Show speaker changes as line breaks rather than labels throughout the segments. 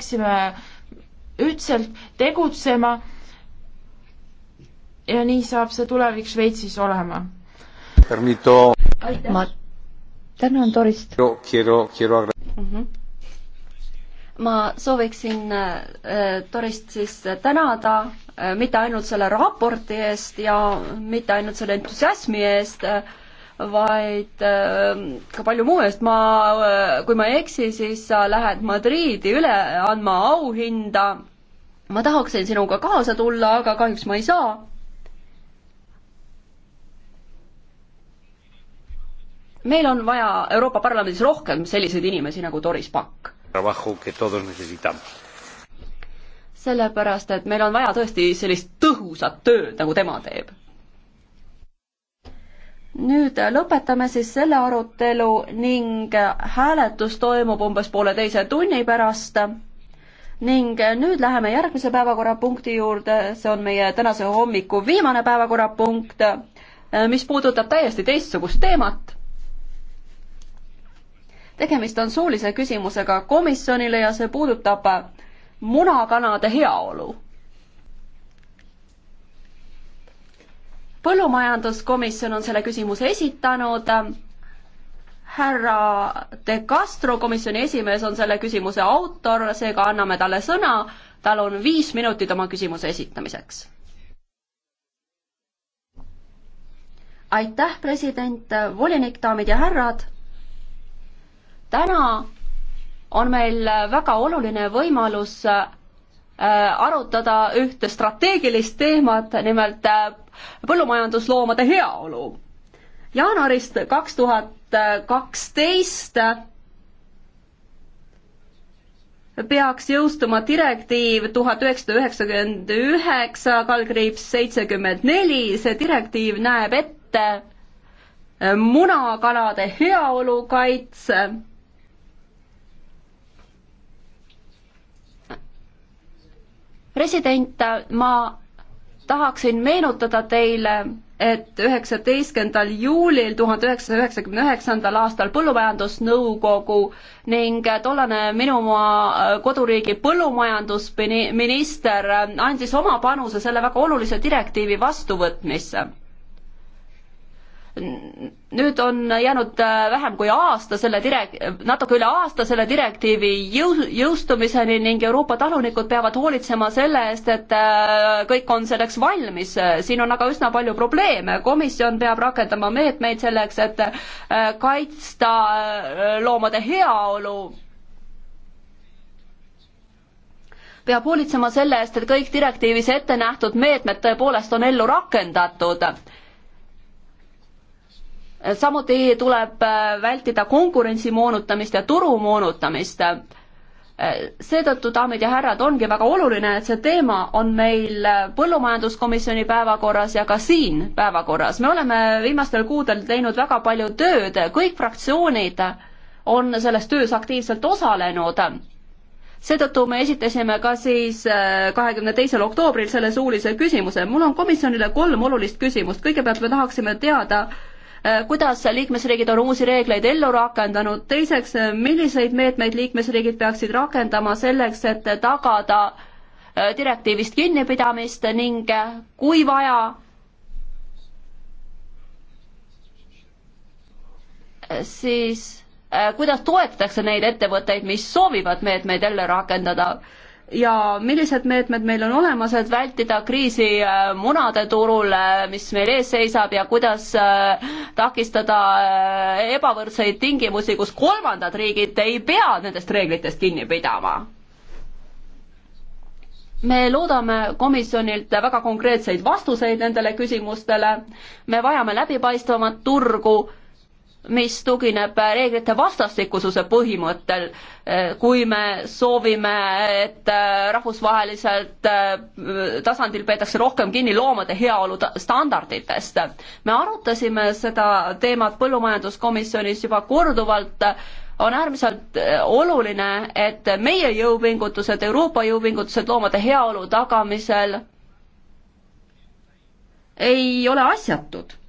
peaksime ühtselt tegutsema ja nii saab see tulevik Šveitsis olema. ma tänan Dorist.
Mm
-hmm. ma
sooviksin äh, Dorist siis tänada äh, mitte ainult selle raporti eest ja mitte ainult selle entusiasmi eest äh,, vaid ähm, ka palju muu eest. ma, äh, kui ma ei eksi, siis sa lähed Madriidi üle andma auhinda. ma tahaksin sinuga kaasa tulla, aga kahjuks ma ei saa. meil on vaja Euroopa Parlamendis rohkem selliseid inimesi nagu Doris Pakk. sellepärast, et meil on vaja tõesti sellist tõhusat tööd, nagu tema teeb nüüd lõpetame siis selle arutelu ning hääletus toimub umbes pooleteise tunni pärast. ning nüüd läheme järgmise päevakorrapunkti juurde, see on meie tänase hommiku viimane päevakorrapunkt, mis puudutab täiesti teistsugust teemat. tegemist on suulise küsimusega komisjonile ja see puudutab munakanade heaolu põllumajanduskomisjon on selle küsimuse esitanud, härra De Castro, komisjoni esimees, on selle küsimuse autor, seega anname talle sõna, tal on viis minutit oma küsimuse esitamiseks. aitäh, president, volinik, daamid ja härrad, täna on meil väga oluline võimalus Äh, arutada ühte strateegilist teemat, nimelt äh, põllumajandusloomade heaolu. jaanuarist kaks tuhat kaksteist peaks jõustuma direktiiv tuhat üheksasada üheksakümmend üheksa, kaldkriips seitsekümmend neli, see direktiiv näeb ette äh, munakalade heaolu kaitse president, ma tahaksin meenutada teile, et üheksateistkümnendal juulil tuhande üheksasaja üheksakümne üheksandal aastal Põllumajandusnõukogu ning tollane minu maa koduriigi põllumajandusminister andis oma panuse selle väga olulise direktiivi vastuvõtmisse nüüd on jäänud äh, vähem kui aasta selle direk-, natuke üle aasta selle direktiivi jõu-, jõustumiseni ning Euroopa talunikud peavad hoolitsema selle eest, et äh, kõik on selleks valmis. siin on aga üsna palju probleeme, komisjon peab rakendama meetmeid selleks, et äh, kaitsta loomade heaolu peab hoolitsema selle eest, et kõik direktiivis ette nähtud meetmed tõepoolest on ellu rakendatud samuti tuleb äh, vältida konkurentsi moonutamist ja turu moonutamist. Äh, seetõttu, daamid ja härrad, ongi väga oluline, et see teema on meil äh, Põllumajanduskomisjoni päevakorras ja ka siin päevakorras. me oleme viimastel kuudel teinud väga palju tööd, kõik fraktsioonid on selles töös aktiivselt osalenud seetõttu me esitasime ka siis kahekümne teisel oktoobril selle suulise küsimuse. mul on komisjonile kolm olulist küsimust. kõigepealt me tahaksime teada, Äh, kuidas liikmesriigid on uusi reegleid ellu rakendanud, teiseks, äh, milliseid meetmeid liikmesriigid peaksid rakendama selleks, et tagada äh, direktiivist kinnipidamist ning kui vaja, siis kuidas toetatakse neid ettevõtteid, mis soovivad meetmeid jälle rakendada ja millised meetmed meil on olemas, et vältida kriisi äh, munade turul, äh, mis meil ees seisab ja kuidas äh, takistada ebavõrdseid tingimusi, kus kolmandad riigid ei pea nendest reeglitest kinni pidama? me loodame komisjonilt väga konkreetseid vastuseid nendele küsimustele, me vajame läbipaistvamat turgu mis tugineb reeglite vastastikususe põhimõttel. kui me soovime, et rahvusvaheliselt äh, tasandil peetakse rohkem kinni loomade heaolu standarditest. me arutasime seda teemat põllumajanduskomisjonis juba korduvalt on äärmiselt äh, oluline, et meie jõupingutused, Euroopa jõupingutused loomade heaolu tagamisel ei ole asjatud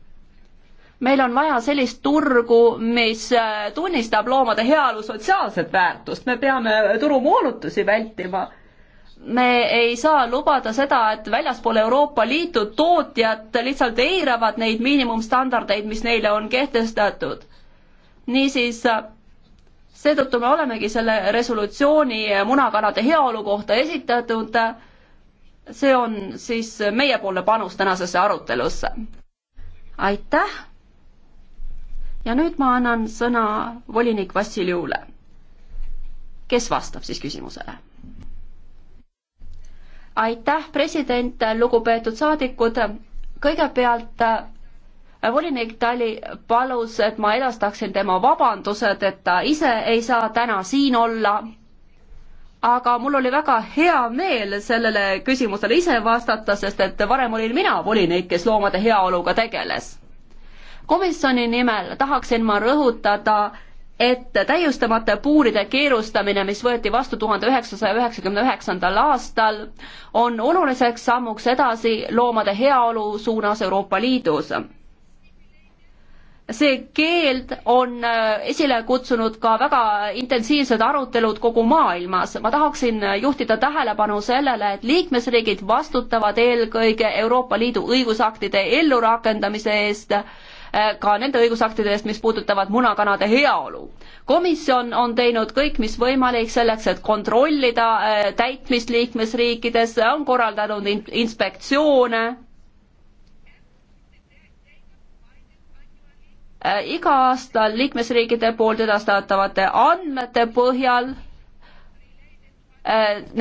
meil on vaja sellist turgu, mis äh, tunnistab loomade heaolu sotsiaalset väärtust, me peame turumoonutusi vältima. me ei saa lubada seda, et väljaspool Euroopa Liitu tootjad lihtsalt eiravad neid miinimumstandardeid, mis neile on kehtestatud. niisiis seetõttu me olemegi selle resolutsiooni munakanade heaolu kohta esitatud. see on siis meiepoolne panus tänasesse arutelusse. aitäh ja nüüd ma annan sõna volinik Vassiljule, kes vastab siis küsimusele. aitäh, president, lugupeetud saadikud, kõigepealt äh, volinik Tali palus, et ma edastaksin tema vabandused, et ta ise ei saa täna siin olla. aga mul oli väga hea meel sellele küsimusele ise vastata, sest et varem olin mina volinik, kes loomade heaoluga tegeles komisjoni nimel tahaksin ma rõhutada, et täiustamata puuride keerustamine, mis võeti vastu tuhande üheksasaja üheksakümne üheksandal aastal, on oluliseks sammuks edasi loomade heaolu suunas Euroopa Liidus. see keeld on äh, esile kutsunud ka väga intensiivsed arutelud kogu maailmas. ma tahaksin juhtida tähelepanu sellele, et liikmesriigid vastutavad eelkõige Euroopa Liidu õigusaktide ellurakendamise eest Äh, ka nende õigusaktide eest, mis puudutavad munakanade heaolu. komisjon on teinud kõik, mis võimalik selleks, et kontrollida äh, täitmist liikmesriikides, on korraldanud inspektsioone äh, iga aasta liikmesriikide poolt edastatavate andmete põhjal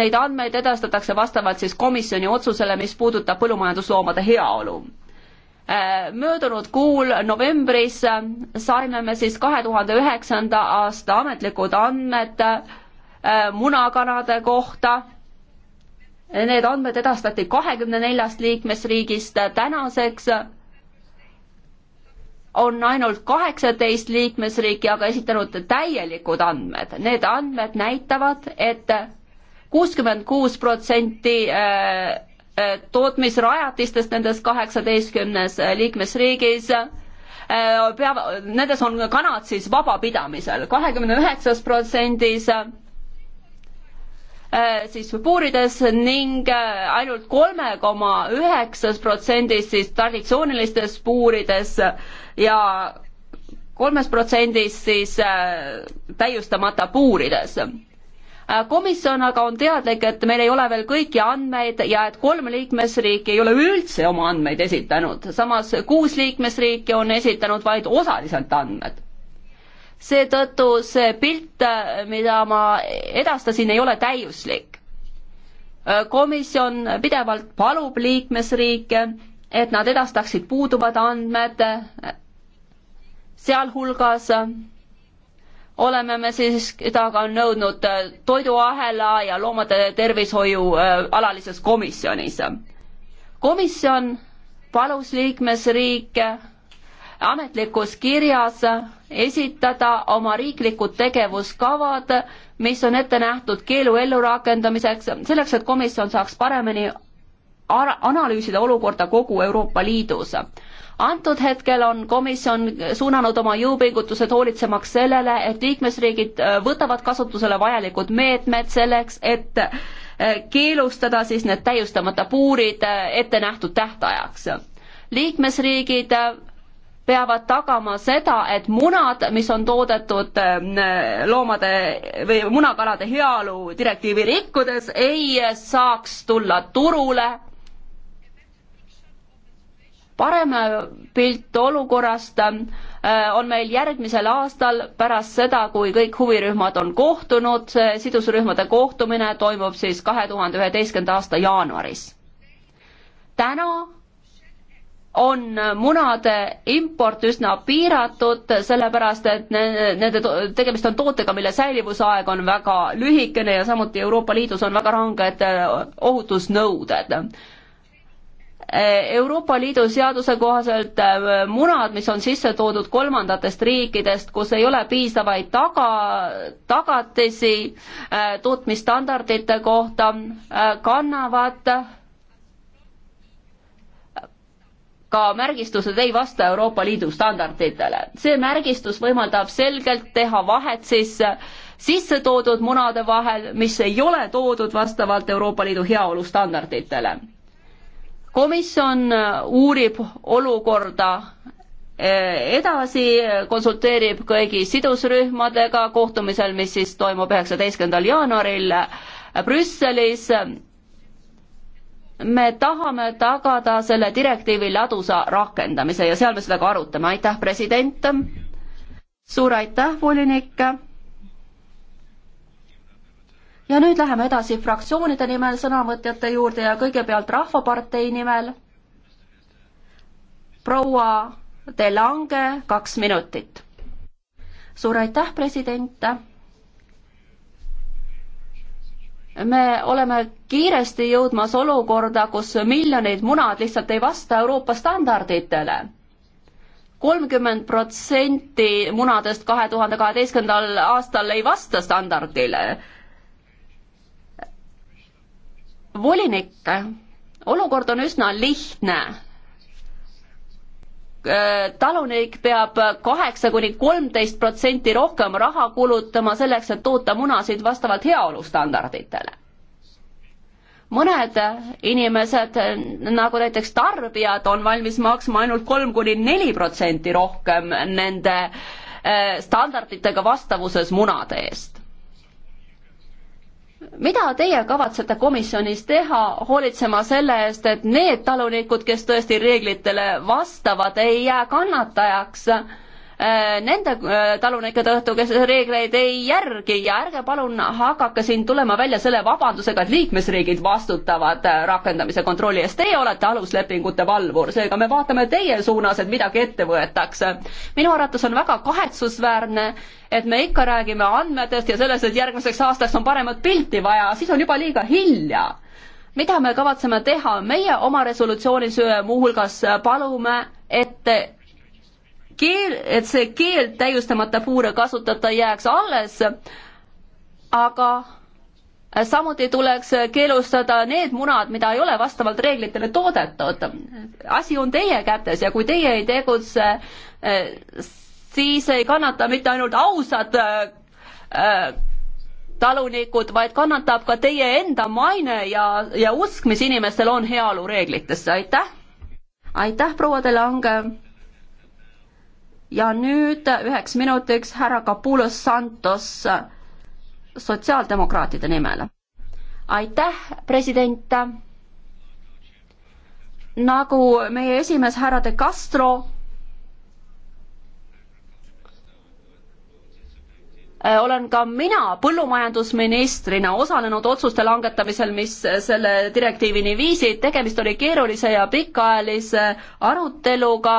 neid andmeid edastatakse vastavalt siis komisjoni otsusele, mis puudutab põllumajandusloomade heaolu. Äh, möödunud kuul novembris saime me siis kahe tuhande üheksanda aasta ametlikud andmed äh, munakanade kohta. Need andmed edastati kahekümne neljast liikmesriigist, tänaseks on ainult kaheksateist liikmesriiki aga esitanud täielikud andmed. Need andmed näitavad et, et kuuskümmend kuus protsenti äh, Äh, tootmisrajatistest nendes kaheksateistkümnes äh, liikmesriigis äh, peab, nendes on kanad siis vabapidamisel, kahekümne üheksas protsendis siis puurides ning ainult kolme koma üheksas protsendis siis traditsioonilistes puurides ja kolmes protsendis siis täiustamata puurides Äh, komisjon aga on teadlik, et meil ei ole veel kõiki andmeid ja et kolm liikmesriiki ei ole üldse oma andmeid esitanud, samas kuus liikmesriiki on esitanud vaid osaliselt andmed seetõttu see pilt, äh, mida ma edastasin, ei ole täiuslik. Äh, komisjon pidevalt palub liikmesriike, et nad edastaksid puuduvad andmed, sealhulgas oleme me siis taga nõudnud äh, toiduahela ja loomade tervishoiu äh, alalises komisjonis. komisjon palus liikmesriike ametlikus kirjas esitada oma riiklikud tegevuskavad, mis on ette nähtud keelu ellurakendamiseks, selleks et komisjon saaks paremini analüüsida olukorda kogu Euroopa Liidus antud hetkel on komisjon suunanud oma jõupingutused hoolitsemaks sellele, et liikmesriigid äh, võtavad kasutusele vajalikud meetmed selleks, et äh, keelustada siis need täiustamata puurid äh, ette nähtud tähtajaks. liikmesriigid peavad tagama seda, et munad, mis on toodetud loomade või munakalade heaolu direktiivi rikkudes, ei saaks tulla turule parem pilt olukorrast äh, on meil järgmisel aastal pärast seda, kui kõik huvirühmad on kohtunud, sidusrühmade kohtumine toimub siis kahe tuhande üheteistkümnenda aasta jaanuaris. täna on munade import üsna piiratud, sellepärast et nende, tegemist on tootega, mille säilivusaeg on väga lühikene ja samuti Euroopa Liidus on väga ranged äh, ohutusnõuded Eh, Euroopa Liidu seaduse kohaselt eh, munad, mis on sisse toodud kolmandatest riikidest, kus ei ole piisavaid taga, tagatisi eh, tootmisstandardite kohta, kannavad ka märgistused ei vasta Euroopa Liidu standarditele. see märgistus võimaldab selgelt teha vahet siis sisse toodud munade vahel, mis ei ole toodud vastavalt Euroopa Liidu heaolu standarditele komisjon äh, uurib olukorda äh, edasi, konsulteerib kõigi sidusrühmadega kohtumisel, mis siis toimub üheksateistkümnendal jaanuaril äh, Brüsselis. me tahame tagada selle direktiivi ladusa rakendamise ja seal me seda ka arutame, aitäh, president! suur aitäh, volinik! ja nüüd läheme edasi fraktsioonide nimel sõnavõtjate juurde ja kõigepealt Rahvapartei nimel proua De Lange, kaks minutit. suur aitäh, president me oleme kiiresti jõudmas olukorda, kus miljonid munad lihtsalt ei vasta Euroopa standarditele. kolmkümmend protsenti munadest kahe tuhande kaheteistkümnendal aastal ei vasta standardile volinik, olukord on üsna lihtne talunik peab kaheksa kuni kolmteist protsenti rohkem raha kulutama selleks, et toota munasid vastavalt heaolustandarditele. mõned inimesed, nagu näiteks tarbijad, on valmis maksma ainult kolm kuni neli protsenti rohkem nende eh, standarditega vastavuses munade eest mida teie kavatsete komisjonis teha, hoolitsema selle eest, et need talunikud, kes tõesti reeglitele vastavad, ei jää kannatajaks äh, Äh, nende äh, talunike tõttu, kes reegleid ei järgi ja ärge palun hakake siin tulema välja selle vabandusega, et liikmesriigid vastutavad äh, rakendamise kontrolli eest. Teie olete aluslepingute valvur, seega me vaatame teie suunas, et midagi ette võetakse. minu arvates on väga kahetsusväärne, et me ikka räägime andmetest ja sellest, et järgmiseks aastaks on paremat pilti vaja, siis on juba liiga hilja mida me kavatseme teha, meie oma resolutsioonis muuhulgas palume, et keel, et see keeld täiustamata puure kasutada jääks alles, aga samuti tuleks keelustada need munad, mida ei ole vastavalt reeglitele toodetud. asi on teie kätes ja kui teie ei tegutse, siis ei kannata mitte ainult ausad talunikud, vaid kannatab ka teie enda maine ja, ja usk, mis inimestel on heaolureeglitesse, aitäh! aitäh, proua De Lange! ja nüüd üheks minutiks härra Capulos Santos sotsiaaldemokraatide nimel. aitäh, president. nagu meie esimees härra de Castro eh, olen ka mina põllumajandusministrina osalenud otsuste langetamisel, mis selle direktiivini viisid, tegemist oli keerulise ja pikaajalise aruteluga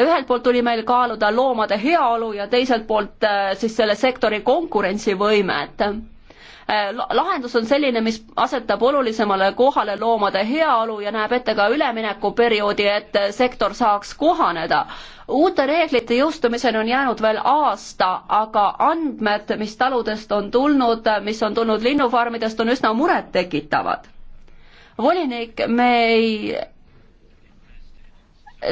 ühelt poolt tuli meil kaaluda loomade heaolu ja teiselt poolt äh, siis selle sektori konkurentsivõimet äh, lahendus on selline, mis asetab olulisemale kohale loomade heaolu ja näeb ette ka üleminekuperioodi, et äh, sektor saaks kohaneda. uute reeglite jõustumiseni on jäänud veel aasta, aga andmed, mis taludest on tulnud, mis on tulnud linnufarmidest, on üsna murettekitavad. volinik, me ei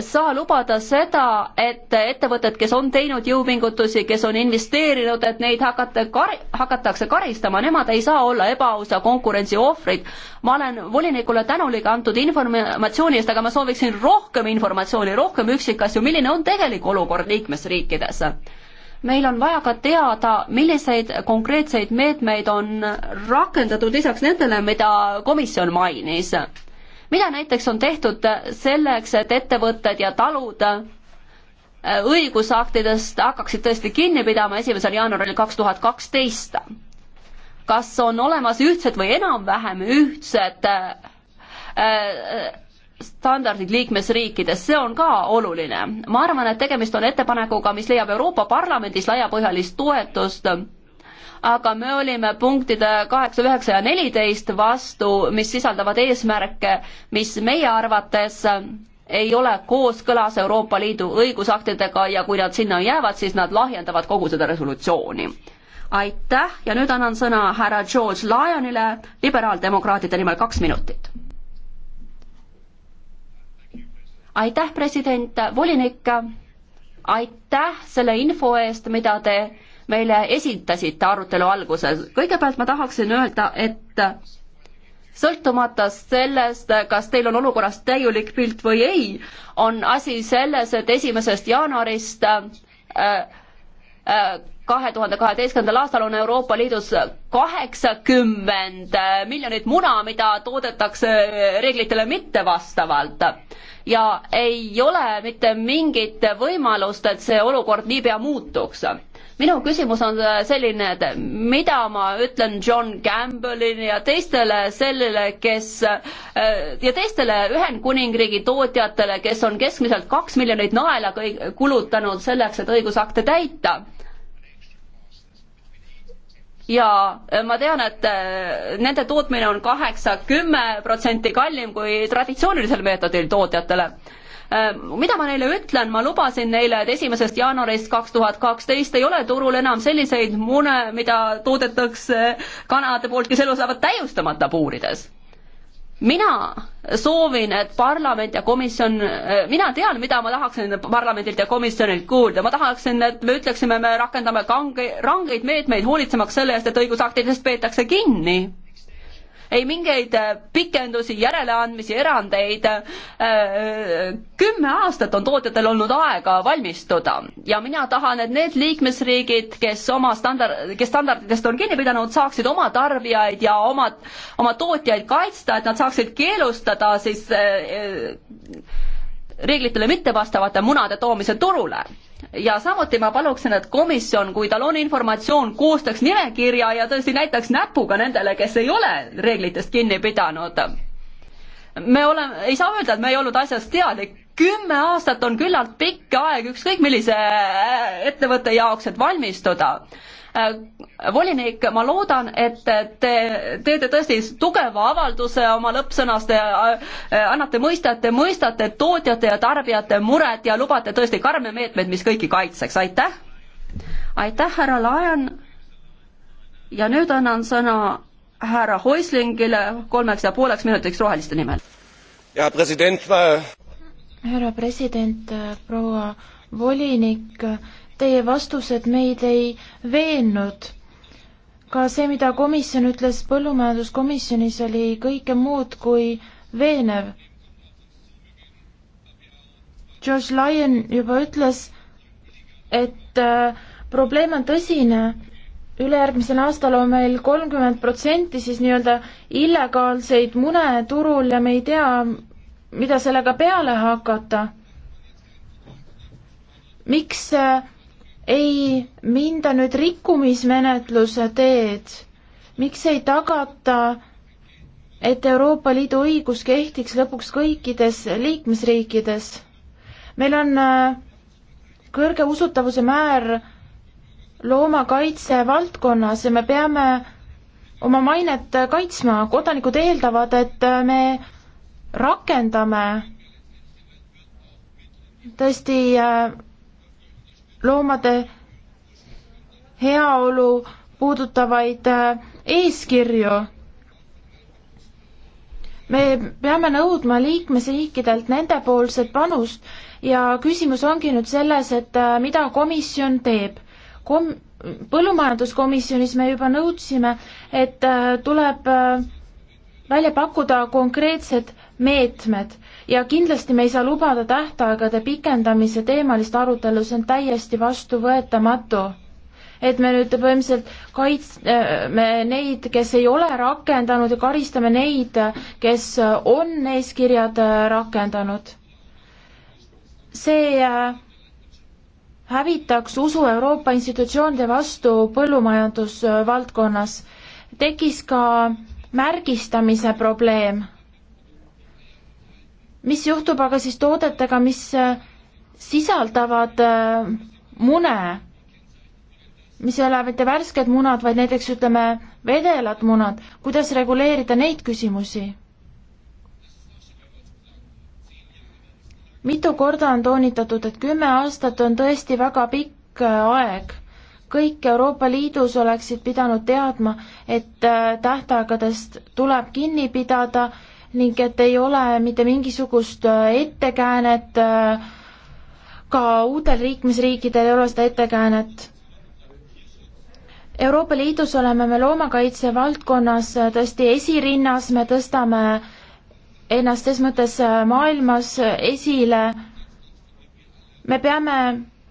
saa lubada seda, et ettevõtted, kes on teinud jõupingutusi, kes on investeerinud, et neid hakata kar-, hakatakse karistama, nemad ei saa olla ebaausa konkurentsi ohvrid. ma olen volinikule tänulik antud informatsiooni eest, aga ma sooviksin rohkem informatsiooni, rohkem üksikasju, milline on tegelik olukord liikmesriikides. meil on vaja ka teada, milliseid konkreetseid meetmeid on rakendatud lisaks nendele, mida komisjon mainis mida näiteks on tehtud selleks, et ettevõtted ja talud äh, õigusaktidest hakkaksid tõesti kinni pidama esimesel jaanuaril kaks tuhat kaksteist. kas on olemas ühtsed või enam-vähem ühtsed äh, äh, standardid liikmesriikides, see on ka oluline. ma arvan, et tegemist on ettepanekuga, mis leiab Euroopa Parlamendis laiapõhjalist toetust aga me olime punktide kaheksa, üheksa ja neliteist vastu, mis sisaldavad eesmärke, mis meie arvates ei ole kooskõlas Euroopa Liidu õigusaktidega ja kui nad sinna jäävad, siis nad lahjendavad kogu seda resolutsiooni. aitäh ja nüüd annan sõna härra George Lyonile liberaaldemokraatide nimel kaks minutit. aitäh, president, volinik, aitäh selle info eest, mida te meile esitasite arutelu alguses. kõigepealt ma tahaksin öelda, et sõltumata sellest, kas teil on olukorrast täielik pilt või ei, on asi selles, et esimesest jaanuarist äh, äh, kahe tuhande kaheteistkümnendal aastal on Euroopa Liidus kaheksakümmend miljonit muna, mida toodetakse reeglitele mittevastavalt. ja ei ole mitte mingit võimalust, et see olukord niipea muutuks minu küsimus on äh, selline, et mida ma ütlen John Campbellini ja teistele sellele, kes äh, ja teistele Ühendkuningriigi tootjatele, kes on keskmiselt kaks miljonit naela kulutanud selleks, et õigusakte täita ja äh, ma tean, et nende tootmine on kaheksa, kümme protsenti kallim kui traditsioonilisel meetodil tootjatele Äh, mida ma neile ütlen, ma lubasin neile, et esimesest jaanuarist kaks tuhat kaksteist ei ole turul enam selliseid mune, mida toodetakse kanade poolt, kes elu saavad täiustamata puurides mina soovin, et parlament ja komisjon, äh, mina tean, mida ma tahaksin parlamendilt ja komisjonilt kuulda, ma tahaksin, et me ütleksime, me rakendame kange, rangeid meetmeid hoolitsemaks selle eest, et õigusaktidest peetakse kinni ei mingeid äh, pikendusi, järeleandmisi, erandeid. Äh, kümme aastat on tootjatel olnud aega valmistuda ja mina tahan, et need liikmesriigid, kes oma standard, kes standarditest on kinni pidanud, saaksid oma tarbijaid ja oma, oma tootjaid kaitsta, et nad saaksid keelustada siis äh, reeglitele mittevastavate munade toomise turule ja samuti ma paluksin, et komisjon, kui tal on informatsioon, koostaks nimekirja ja tõesti näitaks näpuga nendele, kes ei ole reeglitest kinni pidanud. me oleme, ei saa öelda, et me ei olnud asjast teadlik, kümme aastat on küllalt pikk aeg ükskõik millise äh, ettevõtte jaoks, et valmistuda Äh, volinik, ma loodan, et te teete tõesti tugeva avalduse oma lõppsõnast ja äh, äh, annate mõista, et te mõistate tootjate ja tarbijate muret ja lubate tõesti karme meetmeid, mis kõiki kaitseks, aitäh! aitäh, härra Laen! ja nüüd annan sõna härra Häuslingile kolmeks ja pooleks minutiks roheliste nimel. härra
president ma..., proua volinik, teie vastused meid ei veennud. ka see, mida komisjon ütles põllumajanduskomisjonis, oli kõike muud kui veenev. George Lyon juba ütles, et äh, probleem on tõsine, ülejärgmisel aastal on meil kolmkümmend protsenti siis nii-öelda illegaalseid mune turul ja me ei tea, mida sellega peale hakata. miks äh, ei minda nüüd rikkumismenetluse teed? miks ei tagata, et Euroopa Liidu õigus kehtiks lõpuks kõikides liikmesriikides? meil on äh, kõrge usutavuse määr loomakaitse valdkonnas ja me peame oma mainet äh, kaitsma, kodanikud eeldavad, et äh, me rakendame tõesti loomade heaolu puudutavaid äh, eeskirju. me peame nõudma liikmesriikidelt nendepoolset panust ja küsimus ongi nüüd selles, et äh, mida komisjon teeb. Kom-, põllumajanduskomisjonis me juba nõudsime, et äh, tuleb välja pakkuda konkreetsed meetmed ja kindlasti me ei saa lubada tähtaegade pikendamise teemalist arutelu, see on täiesti vastuvõetamatu. et me nüüd põhimõtteliselt kaitseme äh, neid, kes ei ole rakendanud ja karistame neid, kes on eeskirjad äh, rakendanud. see äh, hävitaks usu Euroopa institutsioonide vastu põllumajandusvaldkonnas. tekkis ka märgistamise probleem mis juhtub aga siis toodetega, mis äh, sisaldavad äh, mune, mis ei ole mitte värsked munad, vaid näiteks ütleme, vedelad munad, kuidas reguleerida neid küsimusi? mitu korda on toonitatud, et kümme aastat on tõesti väga pikk äh, aeg. kõik Euroopa Liidus oleksid pidanud teadma, et tähtaegadest tuleb kinni pidada ning et ei ole mitte mingisugust äh, ettekäänet, äh, ka uutel liikmesriikidel ei ole seda ettekäänet. Euroopa Liidus oleme me loomakaitse valdkonnas äh, tõesti esirinnas, me tõstame ennast ses mõttes maailmas esile. me peame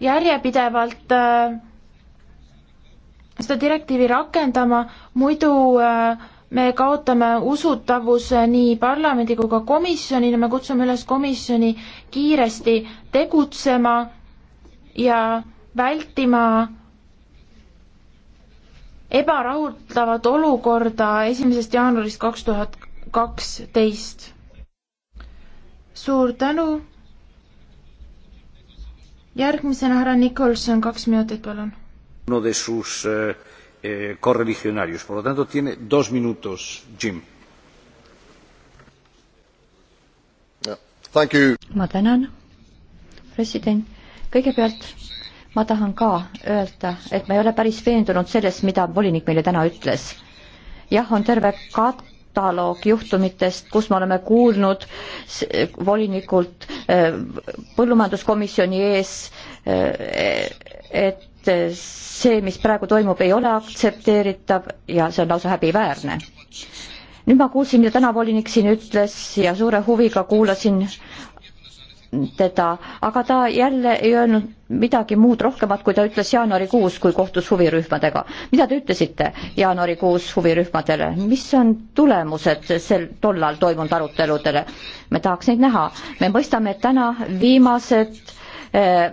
järjepidevalt äh, seda direktiivi rakendama, muidu äh, me kaotame usutavuse nii parlamendi kui ka komisjonina, me kutsume üles komisjoni kiiresti tegutsema ja vältima ebarahuldavat olukorda esimesest jaanuarist kaks tuhat kaksteist. suur tänu. järgmisena härra Nikolson, kaks minutit, palun. no de sus äh eh, correligionarios. Por lo tanto, tiene dos minutos, Jim.
ma tänan, president. kõigepealt ma tahan ka öelda, et ma ei ole päris veendunud selles, mida volinik meile täna ütles. jah, on terve kat-, kataloog juhtumitest, kus me oleme kuulnud volinikult eh, põllumajanduskomisjoni ees, eh, et et see, mis praegu toimub, ei ole aktsepteeritav ja see on lausa häbiväärne. nüüd ma kuulsin, mida täna volinik siin ütles ja suure huviga kuulasin teda, aga ta jälle ei öelnud midagi muud rohkemat, kui ta ütles jaanuarikuus, kui kohtus huvirühmadega. mida te ütlesite jaanuarikuus huvirühmadele, mis on tulemused sel tollal toimunud aruteludele? me tahaks neid näha, me mõistame, et täna viimased Äh,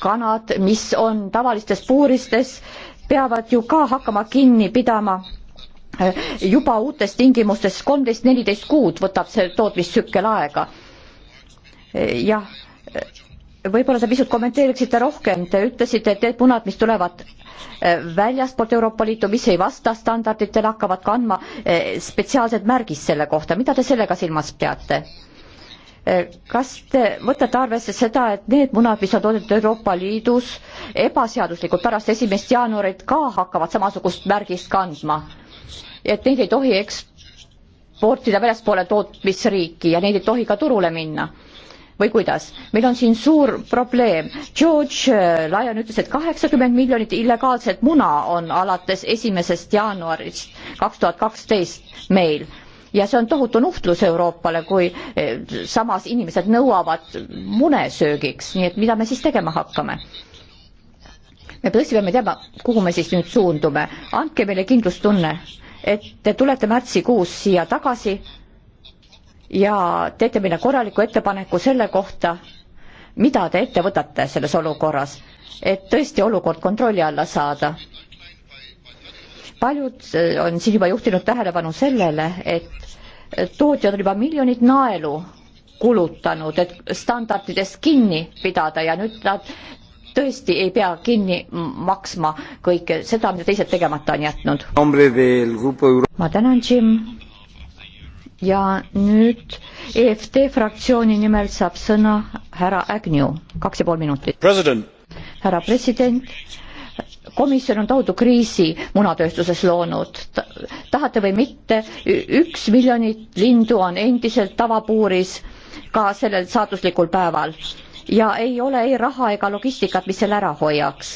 kanad, mis on tavalistes puuristes, peavad ju ka hakkama kinni pidama äh, juba uutes tingimustes kolmteist, neliteist kuud võtab see tootmistsükkel aega. Äh, jah, võib-olla sa pisut kommenteeriksite rohkem, te ütlesite, et need munad, mis tulevad väljastpoolt Euroopa Liitu, mis ei vasta standarditele, hakkavad kandma spetsiaalsed märgis selle kohta, mida te sellega silmas peate? kas te võtate arvesse seda, et need munad, mis on toodetud Euroopa Liidus ebaseaduslikult pärast esimest jaanuarit ka hakkavad samasugust märgist kandma? et neid ei tohi eksportida väljaspoole tootmisriiki ja neid ei tohi ka turule minna? või kuidas? meil on siin suur probleem. George Lyon ütles, et kaheksakümmend miljonit illegaalset muna on alates esimesest jaanuarist kaks tuhat kaksteist meil ja see on tohutu nuhtlus Euroopale, kui eh, samas inimesed nõuavad munesöögiks, nii et mida me siis tegema hakkame? me tõesti peame teadma, kuhu me siis nüüd suundume, andke meile kindlustunne, et te tulete märtsikuus siia tagasi ja teete meile korraliku ettepaneku selle kohta, mida te ette võtate selles olukorras, et tõesti olukord kontrolli alla saada paljud eh, on siin juba juhtinud tähelepanu sellele, et tootjad on juba miljonid naelu kulutanud, et standarditest kinni pidada ja nüüd nad tõesti ei pea kinni maksma kõike seda, mida teised tegemata on jätnud. ma tänan, Jim. ja nüüd EFT fraktsiooni nimel saab sõna härra Agnew, kaks ja pool minutit. härra president, komisjon on tohutu kriisi munatööstuses loonud. tahate või mitte, üks miljonit lindu on endiselt tavapuuris ka sellel saatuslikul päeval ja ei ole ei raha ega logistikat, mis selle ära hoiaks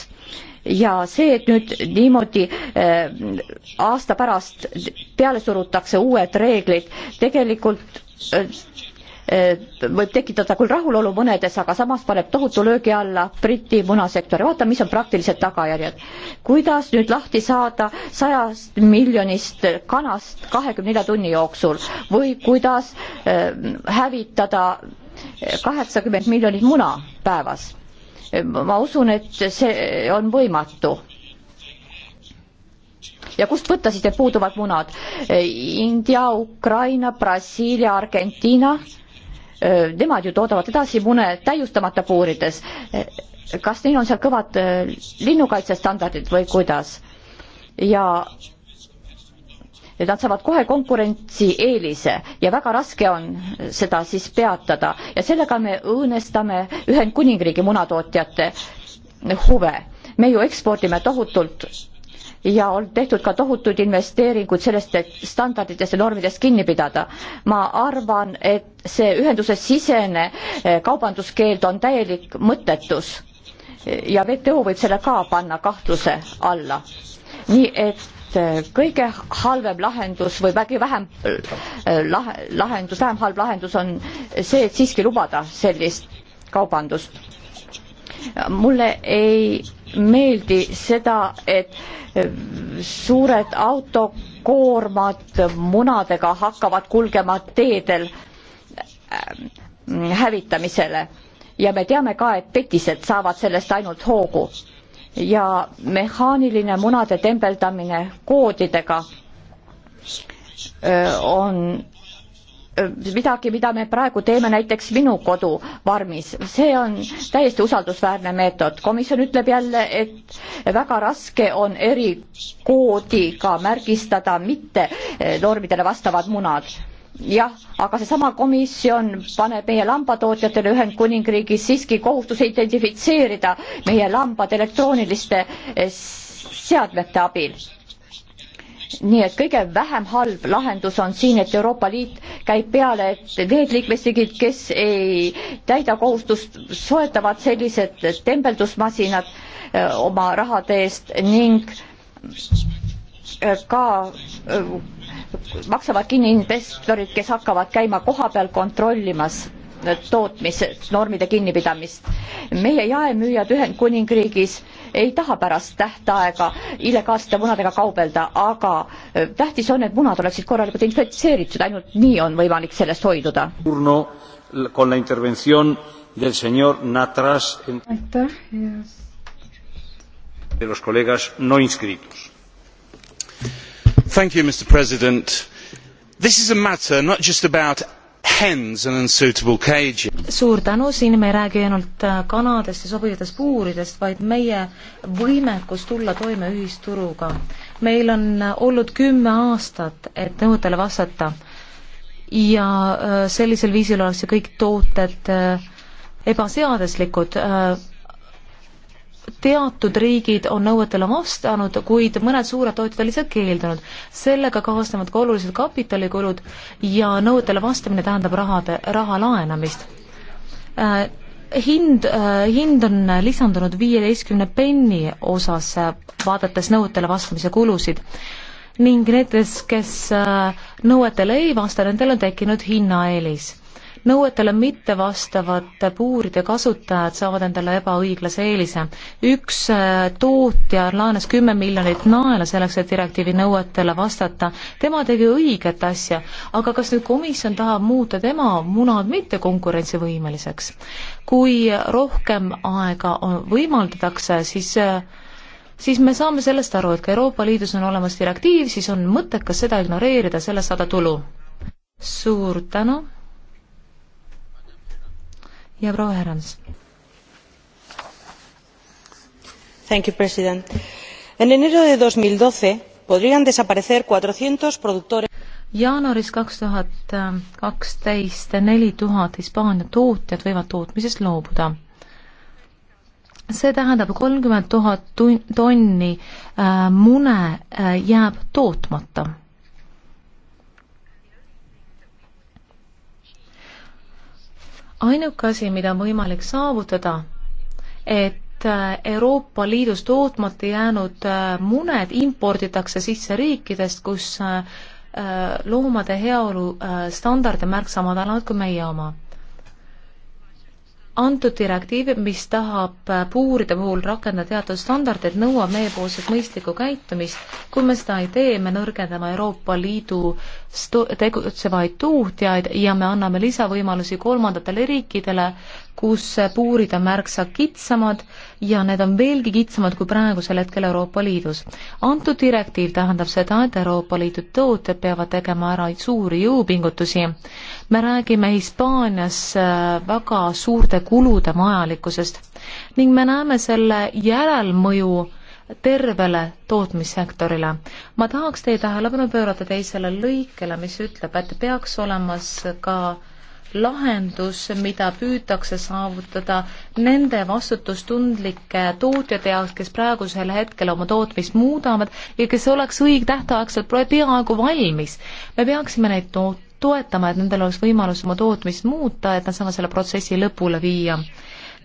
ja see, et nüüd niimoodi äh, aasta pärast peale surutakse uued reeglid, tegelikult äh, võib tekitada küll rahulolu mõnedes, aga samas paneb tohutu löögi alla Briti munasektori. vaatame, mis on praktilised tagajärjed. kuidas nüüd lahti saada sajast miljonist kanast kahekümne nelja tunni jooksul või kuidas eh, hävitada kaheksakümmend miljonit muna päevas? ma usun, et see on võimatu ja kust võtta siis need puuduvad munad? India, Ukraina, Brasiilia, Argentiina nemad ju toodavad edasi mune täiustamata puurides. kas neil on seal kõvad linnukaitsestandardid või kuidas? ja nad saavad kohe konkurentsieelise ja väga raske on seda siis peatada ja sellega me õõnestame Ühendkuningriigi munatootjate huve. me ju ekspordime tohutult ja on tehtud ka tohutuid investeeringuid sellest, et standarditest ja normidest kinni pidada. ma arvan, et see ühenduse sisene eh, kaubanduskeeld on täielik mõttetus ja WTO võib selle ka panna kahtluse alla. nii et eh, kõige halvem lahendus või vägi vähem eh, lah-, lahendus, vähem halb lahendus on see, et siiski lubada sellist kaubandust. mulle ei meeldi seda, et suured autokoormad munadega hakkavad kulgema teedel ähm, hävitamisele ja me teame ka, et petised saavad sellest ainult hoogu. ja mehaaniline munade tembeldamine koodidega äh, on midagi, mida me praegu teeme näiteks minu kodu farmis, see on täiesti usaldusväärne meetod. komisjon ütleb jälle, et väga raske on erikoodiga märgistada mitte eh, normidele vastavad munad jah, aga seesama komisjon paneb meie lambatootjatele Ühendkuningriigis siiski kohustuse identifitseerida meie lambad elektrooniliste eh, seadmete abil nii et kõige vähem halb lahendus on siin, et Euroopa Liit käib peale, et need liikmesriigid, kes ei täida kohustust, soetavad sellised tembeldusmasinad äh, oma rahade eest ning äh, ka äh, maksavad kinni investorid, kes hakkavad käima kohapeal kontrollimas tootmisnormide kinnipidamist. meie jaemüüjad Ühendkuningriigis äh, ei taha pärast tähtaega illegaalsete munadega kaubelda, aga äh, tähtis on, et munad oleksid korralikult infitseeritud, ainult nii on võimalik sellest hoiduda. aitäh ja
de los colegas no inscritos. You, mr president this is a matter not just about hens and unsuitable cages.
suur tänu, siin me ei räägi ainult äh, kanadest ja sobivatest puuridest, vaid meie võimekus tulla toime ühisturuga. meil on äh, olnud kümme aastat, et nõuetele vastata ja äh, sellisel viisil oleks ju kõik tooted ebaseaduslikud teatud riigid on nõuetele vastanud, kuid mõned suured tootjad on lihtsalt keeldunud. sellega kaasnevad ka olulised kapitalikulud ja nõuetele vastamine tähendab rahade, raha laenamist äh,. Hind äh,, hind on lisandunud viieteistkümne penni osas, äh, vaadates nõuetele vastamise kulusid ning nendes, kes äh, nõuetele ei vasta, nendel on tekkinud hinnaeelis nõuetele mittevastavate puuride kasutajad saavad endale ebaõiglase eelise. üks äh, tootja laenas kümme miljonit naela selleks, et direktiivi nõuetele vastata. tema tegi õiget asja, aga kas nüüd komisjon tahab muuta tema munad mittekonkurentsivõimeliseks? kui rohkem aega võimaldatakse, siis äh, siis me saame sellest aru, et ka Euroopa Liidus on olemas direktiiv, siis on mõttekas seda ignoreerida, sellest saada tulu. suur tänu ja proua Herans. En enero de 2012 podrían desaparecer 400 productores jaanuaris kaks tuhat kaksteist neli tuhat Hispaania tootjat võivad tootmisest loobuda. see tähendab, kolmkümmend tuhat tonni äh, mune äh, jääb tootmata ainuke asi, mida on võimalik saavutada, et äh, Euroopa Liidus tootmata jäänud äh, muned imporditakse sisse riikidest, kus äh, loomade heaolu standard on märksa madalamad kui meie oma antud direktiiv, mis tahab äh, puuride puhul rakendada teatud standardeid, nõuab meiepoolset mõistlikku käitumist. kui me seda ei tee, me nõrgendame Euroopa Liidu tegutsevaid tuutjaid ja me anname lisavõimalusi kolmandatele riikidele kus puurid on märksa kitsamad ja need on veelgi kitsamad kui praegusel hetkel Euroopa Liidus. antud direktiiv tähendab seda, et Euroopa Liidu tootjad peavad tegema ära suuri jõupingutusi. me räägime Hispaanias äh, väga suurte kulude vajalikkusest ning me näeme selle järelmõju tervele tootmissektorile. ma tahaks teie tähelepanu pöörata teisele lõikele, mis ütleb, et peaks olemas ka lahendus, mida püütakse saavutada nende vastutustundlike tootjate jaoks, kes praegusel hetkel oma tootmist muudavad ja kes oleks õig-, tähtaegselt peaaegu valmis. me peaksime neid to-, toetama, et nendel oleks võimalus oma tootmist muuta, et nad saavad selle protsessi lõpule viia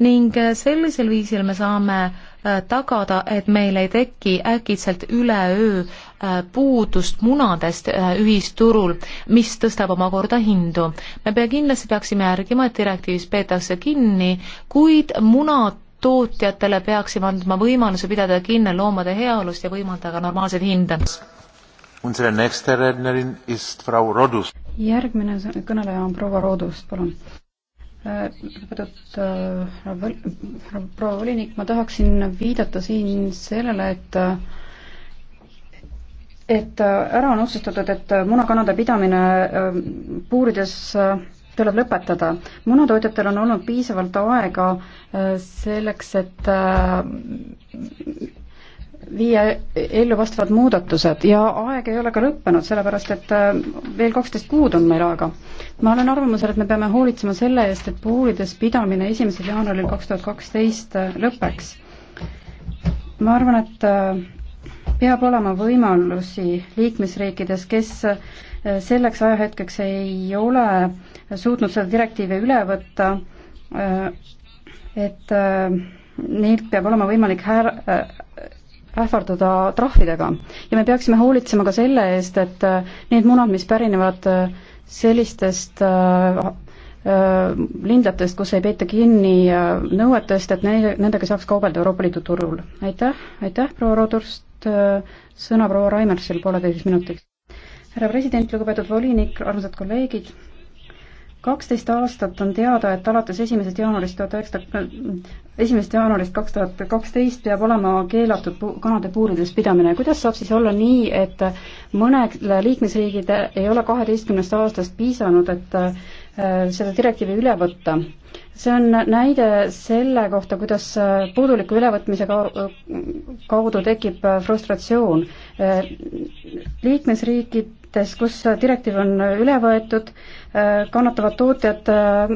ning äh, sellisel viisil me saame äh, tagada, et meil ei teki äkitselt üleöö äh, puudust munadest ühisturul, mis tõstab omakorda hindu. me pea, kindlasti peaksime järgima, et direktiivis peetakse kinni, kuid munad tootjatele peaksime andma võimaluse pidada kinni loomade heaolust ja võimaldada normaalseid hinde. järgmine kõneleja on proua Rodust, palun
lugupeetud äh, proua volinik, ma tahaksin viidata siin sellele, et et ära on otsustatud, et munakanade pidamine äh, puurides äh, tuleb lõpetada. munatootjatel on olnud piisavalt aega selleks, et viia ellu vastavad muudatused ja aeg ei ole ka lõppenud, sellepärast et äh, veel kaksteist kuud on meil aega. ma olen arvamusel, et me peame hoolitsema selle eest, et puurides pidamine esimesel jaanuaril kaks tuhat kaksteist äh, lõpeks. ma arvan, et äh, peab olema võimalusi liikmesriikides, kes selleks ajahetkeks ei ole suutnud seda direktiivi üle võtta, et neilt peab olema võimalik häär-, ähvardada trahvidega. ja me peaksime hoolitsema ka selle eest, et äh, need munad, mis pärinevad äh, sellistest äh, lindlatest, kus ei peeta kinni nõuetest, et ne-, nendega saaks kaubelda Euroopa Liidu turul. aitäh, aitäh, proua Roodurst, sõna proua Raimersil pooleteiseks minutiks. härra president, lugupeetud volinik, armsad kolleegid, kaksteist aastat on teada, et alates esimesest jaanuarist tuhat üheksasada, esimesest jaanuarist kaks tuhat kaksteist peab olema keelatud puu, kanade puurides pidamine. kuidas saab siis olla nii, et mõnele liikmesriigid ei ole kaheteistkümnest aastast piisanud, et äh, seda direktiivi üle võtta? see on näide selle kohta, kuidas äh, puuduliku ülevõtmise kaudu tekib äh, frustratsioon. liikmesriigid riikides, kus direktiiv on üle võetud, äh, kannatavad tootjad äh,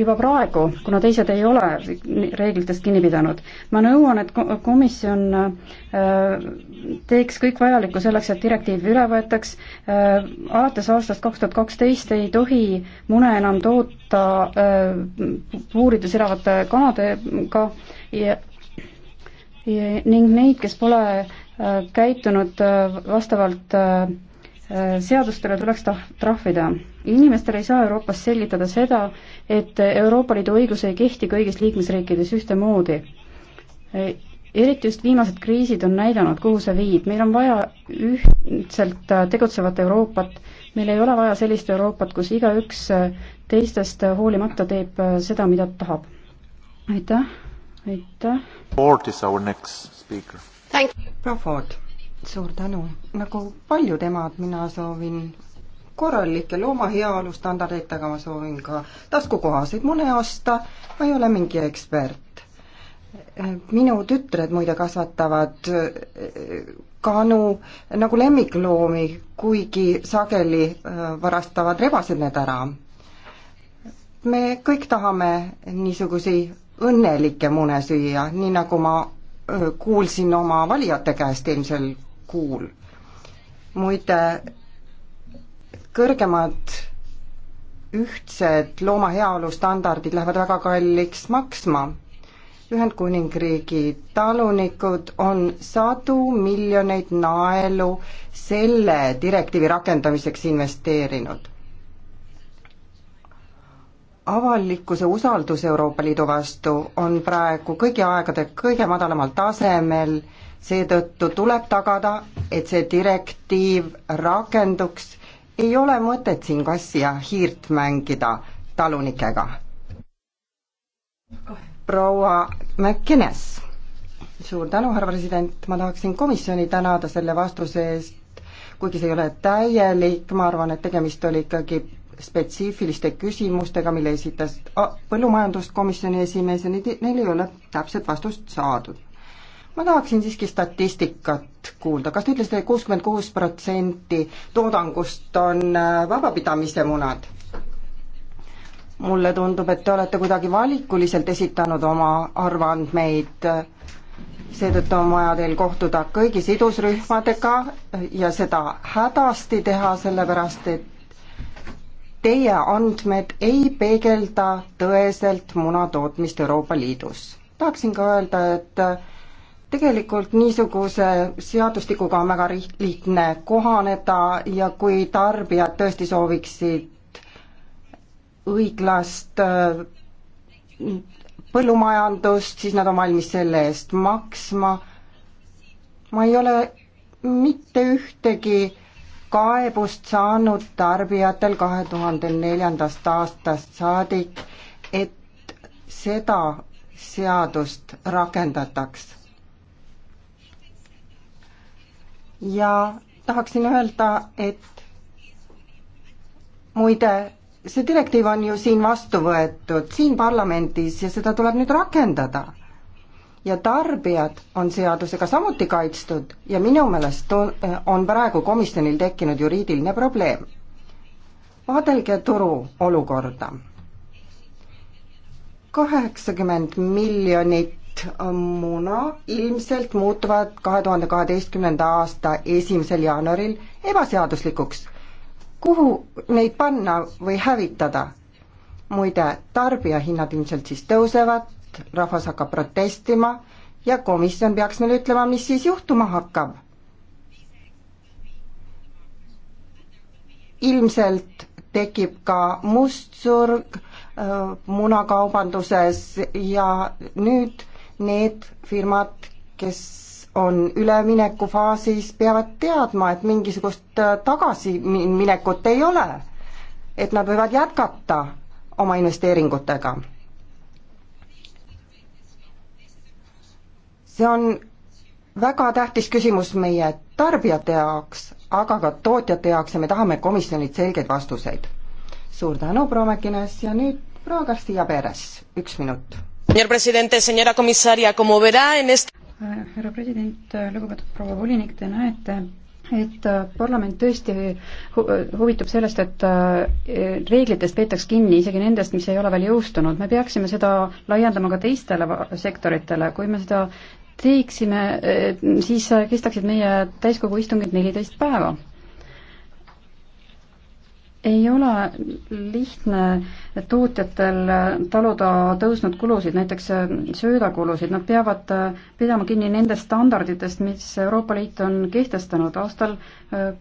juba praegu, kuna teised ei ole reeglitest kinni pidanud. ma nõuan, et komisjon äh, teeks kõik vajalikku selleks, et direktiiv üle võetaks. alates aastast kaks tuhat kaksteist ei tohi mune enam toota puurides elavate kanadega ja, ja ning neid, kes pole käitunud vastavalt äh, seadustele tuleks trahvida. inimestele ei saa Euroopas selgitada seda, et Euroopa Liidu õigus ei kehti kõigis liikmesriikides ühtemoodi. eriti just viimased kriisid on näidanud, kuhu see viib. meil on vaja ühtselt äh, tegutsevat Euroopat, meil ei ole vaja sellist Euroopat, kus igaüks äh, teistest hoolimata teeb äh, seda,
mida ta tahab. aitäh, aitäh. proua Ford suur tänu. nagu paljud emad, mina soovin korralikke looma heaolu standardeid, aga ma soovin ka taskukohaseid. mõne aasta ma ei ole mingi ekspert. minu tütred muide kasvatavad eh, kanu nagu lemmikloomi, kuigi sageli eh, varastavad rebased need ära. me kõik tahame niisuguseid õnnelikke mune süüa, nii nagu ma eh, kuulsin oma valijate käest eelmisel kuul. muide, kõrgemad ühtsed looma heaolu standardid lähevad väga kalliks maksma. Ühendkuningriigi talunikud on sadu miljoneid naelu selle direktiivi rakendamiseks investeerinud. avalikkuse usaldus Euroopa Liidu vastu on praegu kõigi aegade kõige madalamal tasemel seetõttu tuleb tagada, et see direktiiv rakenduks. ei ole mõtet siin kassi ja hiirt mängida talunikega. proua McInnes, suur tänu, härra president, ma tahaksin komisjoni tänada selle vastuse eest, kuigi see ei ole täielik, ma arvan, et tegemist oli ikkagi spetsiifiliste küsimustega, mille esitas põllumajanduskomisjoni esimees ja neid, neil ei ole täpset vastust saadud ma tahaksin siiski statistikat kuulda, kas te ütlesite, et kuuskümmend kuus protsenti toodangust on äh, vabapidamise munad? mulle tundub, et te olete kuidagi valikuliselt esitanud oma arvandmeid, seetõttu on vaja teil kohtuda kõigi sidusrühmadega ja seda hädasti teha, sellepärast et teie andmed ei peegelda tõeselt munatootmist Euroopa Liidus. tahaksin ka öelda, et tegelikult niisuguse seadustikuga on väga lihtne kohaneda ja kui tarbijad tõesti sooviksid õiglast äh, põllumajandust, siis nad on valmis selle eest maksma. ma ei ole mitte ühtegi kaebust saanud tarbijatel kahe tuhande neljandast aastast saadik, et seda seadust rakendataks ja tahaksin öelda, et muide, see direktiiv on ju siin vastu võetud, siin parlamendis ja seda tuleb nüüd rakendada. ja tarbijad on seadusega samuti kaitstud ja minu meelest on, on praegu komisjonil tekkinud juriidiline probleem. vaadelge turu olukorda. kaheksakümmend miljonit muna ilmselt muutuvad kahe tuhande kaheteistkümnenda aasta esimesel jaanuaril ebaseaduslikuks. kuhu neid panna või hävitada? muide, tarbijahinnad ilmselt siis tõusevad, rahvas hakkab protestima ja komisjon peaks meile ütlema, mis siis juhtuma hakkab. ilmselt tekib ka mustsurg äh, munakaubanduses ja nüüd need firmad, kes on üleminekufaasis, peavad teadma, et mingisugust äh, tagasiminekut ei ole. et nad võivad jätkata oma investeeringutega. see on väga tähtis küsimus meie tarbijate jaoks, aga ka tootjate jaoks ja me tahame komisjonilt selgeid vastuseid. suur tänu, proua Mäkines ja nüüd proua Garcia Perez,
üks minut señor presidente señora comisaria como verá en esta äh,
härra president,
äh, lugupeetud proua volinik, te näete, et äh, parlament tõesti huvitub sellest, et reeglitest peetaks kinni, isegi nendest, mis ei ole veel jõustunud. me peaksime seda laiendama ka teistele sektoritele, kui me seda teeksime, siis kestaksid meie täiskogu istungid neliteist päeva ei ole lihtne tootjatel taluda tõusnud kulusid, näiteks äh, söödakulusid, nad peavad äh, pidama kinni nendest standarditest, mis Euroopa Liit on kehtestanud. aastal, äh,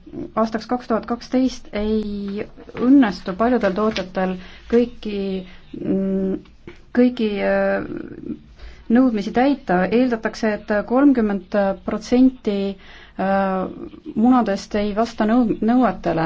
aastaks kaks tuhat kaksteist ei õnnestu paljudel tootjatel kõiki, mm, kõiki nõudmisi täita, eeldatakse et, et kolmkümmend protsenti munadest ei vasta nõu-, nõuetele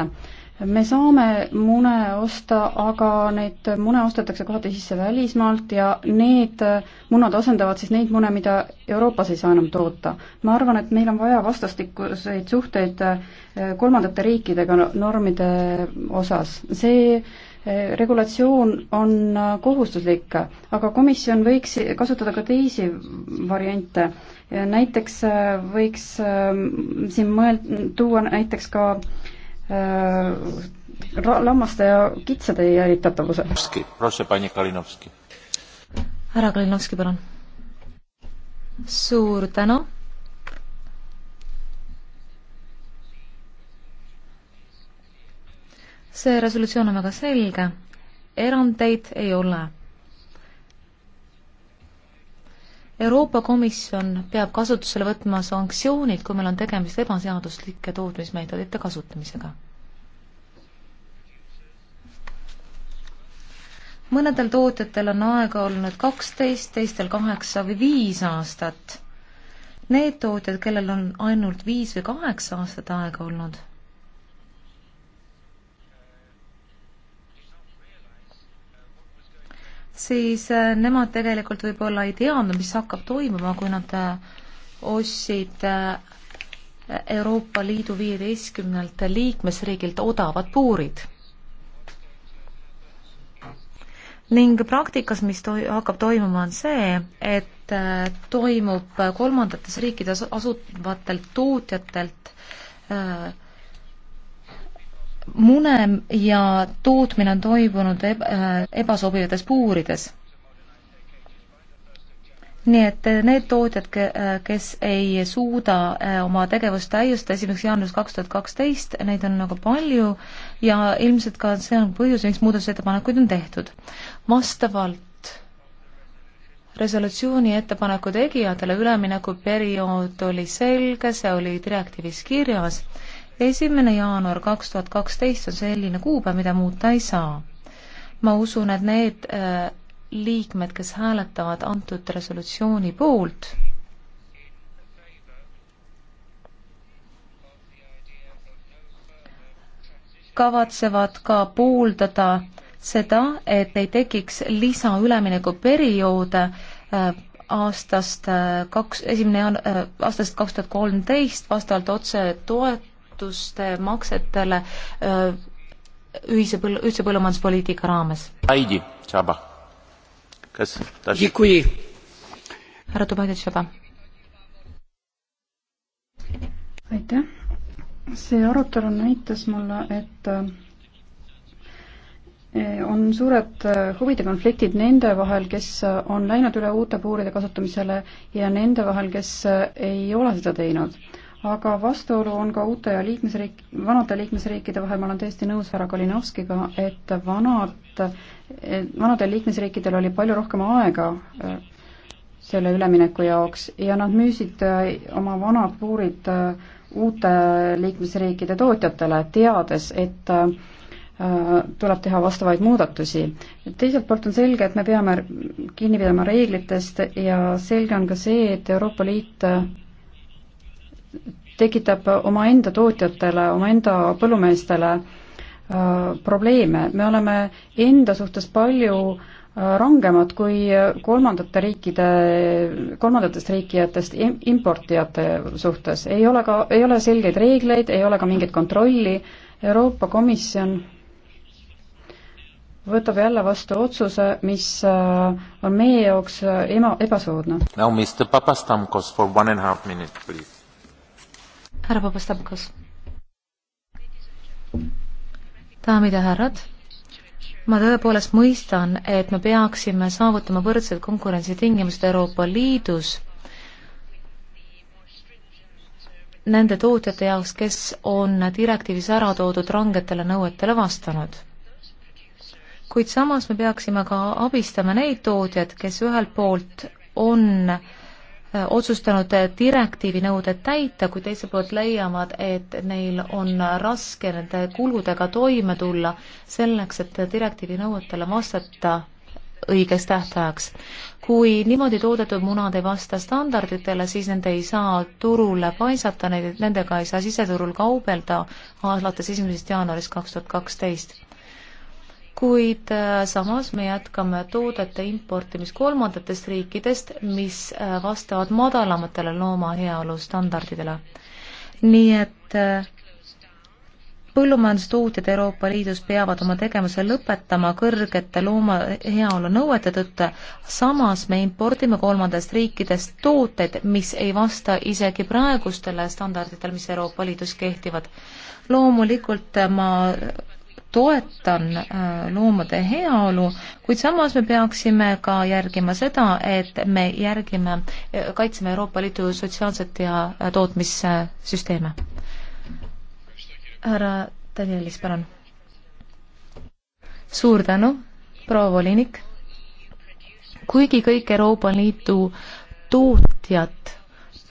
me saame mune osta, aga neid mune ostetakse kohati sisse välismaalt ja need munad asendavad siis neid mune, mida Euroopas ei saa enam toota. ma arvan, et meil on vaja vastastikuseid suhteid eh, kolmandate riikidega normide osas. see eh, regulatsioon on eh, kohustuslik, aga komisjon võiks kasutada ka teisi variante. näiteks võiks siin mõel-, tuua näiteks ka äh, Äh, lammaste ja kitsede jälitatavuse.
härra Kalinovski, palun. suur tänu. see resolutsioon on väga selge, erandeid ei ole Euroopa Komisjon peab kasutusele võtma sanktsioonid, kui meil on tegemist ebaseaduslike tootmismeetodite kasutamisega. mõnedel tootjatel on aega olnud kaksteist, teistel kaheksa või viis aastat. Need tootjad, kellel on ainult viis või kaheksa aastat aega olnud siis äh, nemad tegelikult võib-olla ei teadnud, mis hakkab toimuma, kui nad äh, ostsid äh, Euroopa Liidu viieteistkümnelt liikmesriigilt odavad puurid. ning praktikas, mis to-, hakkab toimuma, on see, et toimub kolmandates riikides asuvatelt tootjatelt äh, munem ja tootmine on toimunud äh, ebasobivates puurides. nii et äh, need tootjad, äh, kes ei suuda oma tegevust täiustada esimeseks jaanuariks kaks tuhat kaksteist, neid on nagu palju ja ilmselt ka see on põhjus, miks muudatusettepanekuid on tehtud. vastavalt resolutsiooni ettepaneku tegijatele üleminekuperiood oli selge, see oli direktiivis kirjas esimene jaanuar kaks tuhat kaksteist on selline kuupäev, mida muuta ei saa. ma usun, et need äh, liikmed, kes hääletavad antud resolutsiooni poolt, kavatsevad ka pooldada seda, et ei tekiks lisaüleminekuperioode äh, aastast äh, kaks, esimene jaan-, aastast kaks tuhat kolmteist vastavalt otse toet-, toetuste maksetele ühise põl-, ühtse põllumajanduspoliitika raames.
Heidi Tšaba,
kas ta härra
Tubadi Tšaba.
aitäh, see arutelu näitas mulle, et e, on suured e, huvide konfliktid nende vahel, kes on läinud üle uute puuride kasutamisele ja nende vahel, kes e, ei ole seda teinud aga vastuolu on ka uute ja liikmesriik, vanade liikmesriikide vahel, ma olen tõesti nõus härra Kalinovskiga, et vanad, vanadel liikmesriikidel oli palju rohkem aega äh, selle ülemineku jaoks ja nad müüsid äh, oma vanad puurid äh, uute liikmesriikide tootjatele, teades, et tuleb teha vastavaid muudatusi. teiselt poolt on selge, et me peame kinni pidama reeglitest ja selge on ka see, et Euroopa Liit tekitab omaenda tootjatele, omaenda põllumeestele äh, probleeme, me oleme enda suhtes palju äh, rangemad kui kolmandate riikide, kolmandatest riikidest importijate suhtes. ei ole ka, ei ole selgeid reegleid, ei ole ka mingit kontrolli, Euroopa Komisjon võtab jälle vastu otsuse, mis äh, on meie jaoks ema, ebasoodne. Now Mr Papastamkos for one and a half minute please
härra Papastamkos. daamid ja härrad, ma tõepoolest mõistan, et me peaksime saavutama võrdsed konkurentsitingimused Euroopa Liidus nende tootjate jaoks, kes on direktiivis ära toodud rangetele nõuetele vastanud kuid samas me peaksime ka abistama neid tootjad, kes ühelt poolt on otsustanud direktiivi nõuded täita, kui teiselt poolt leiavad, et neil on raske nende kuludega toime tulla selleks, et direktiivi nõuetele vastata õigeks tähtajaks. kui niimoodi toodetud munad ei vasta standarditele, siis nende ei saa turule paisata, neid, nendega ei saa siseturul kaubelda alates esimesest jaanuarist kaks tuhat kaksteist kuid äh, samas me jätkame toodete importimist kolmandatest riikidest, mis äh, vastavad madalamatele looma heaolu standardidele. nii et äh, põllumajandustootjad Euroopa Liidus peavad oma tegevuse lõpetama kõrgete looma heaolu nõuete tõttu, samas me impordime kolmandast riikidest tooteid, mis ei vasta isegi praegustele standarditele, mis Euroopa Liidus kehtivad. loomulikult ma toetan äh, loomade heaolu, kuid samas me peaksime ka järgima seda, et me järgime, äh, kaitseme Euroopa Liidu sotsiaalset ja äh, tootmissüsteeme. härra Danielis, palun. suur tänu, proua volinik. kuigi kõik Euroopa Liidu tootjad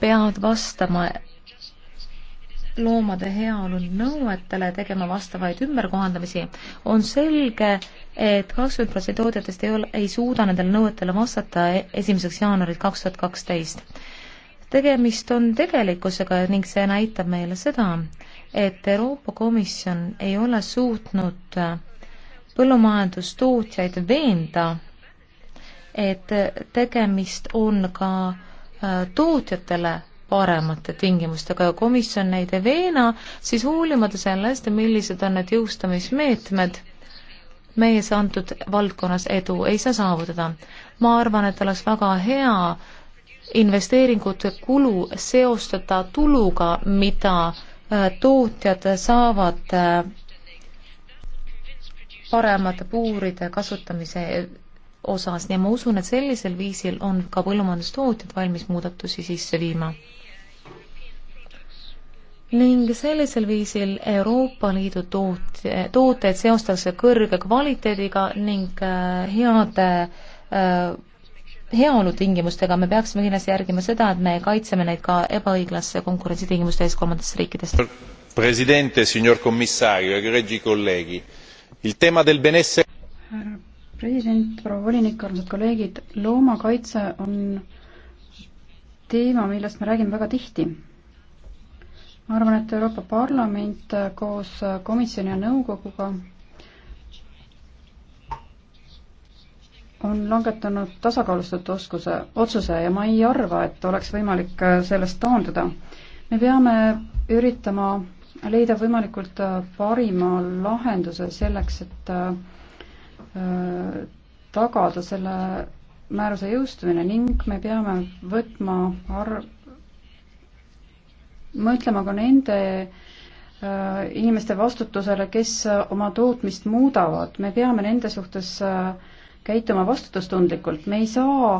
peavad vastama loomade heaolu nõuetele tegema vastavaid ümberkohandamisi, on selge, et kakskümmend protsenti tootjatest ei ole, ei suuda nendele nõuetele vastata e-, esimeseks jaanuariks kaks tuhat kaksteist. tegemist on tegelikkusega ning see näitab meile seda, et Euroopa Komisjon ei ole suutnud põllumajandustootjaid veenda, et tegemist on ka äh, tootjatele paremate tingimustega ja komisjon neid ei veena, siis hoolimata sellest, millised on need jõustamismeetmed, meie antud valdkonnas edu ei saa saavutada. ma arvan, et oleks väga hea investeeringute kulu seostada tuluga, mida äh, tootjad saavad äh, paremate puuride kasutamise osas ja ma usun, et sellisel viisil on ka põllumajandustootjad valmis muudatusi sisse viima. ning sellisel viisil Euroopa Liidu toot-, tooteid seostatakse kõrge kvaliteediga ning äh, heade äh, heaolutingimustega, me peaksime kindlasti järgima seda, et me kaitseme neid ka ebaõiglaste konkurentsitingimuste eest kolmandatest riikidest.
presidente, signor commissario, egregi kolleegi, il tema del benessere
president, proua volinik, armsad kolleegid, loomakaitse on teema, millest me räägime väga tihti. ma arvan, et Euroopa Parlament koos komisjoni ja nõukoguga on langetanud tasakaalustatud oskuse, otsuse ja ma ei arva, et oleks võimalik sellest taanduda. me peame üritama leida võimalikult parima lahenduse selleks, et äh, Äh, tagada selle määruse jõustumine ning me peame võtma arv, mõtlema ka nende äh, inimeste vastutusele, kes äh, oma tootmist muudavad, me peame nende suhtes käituma vastutustundlikult, me ei saa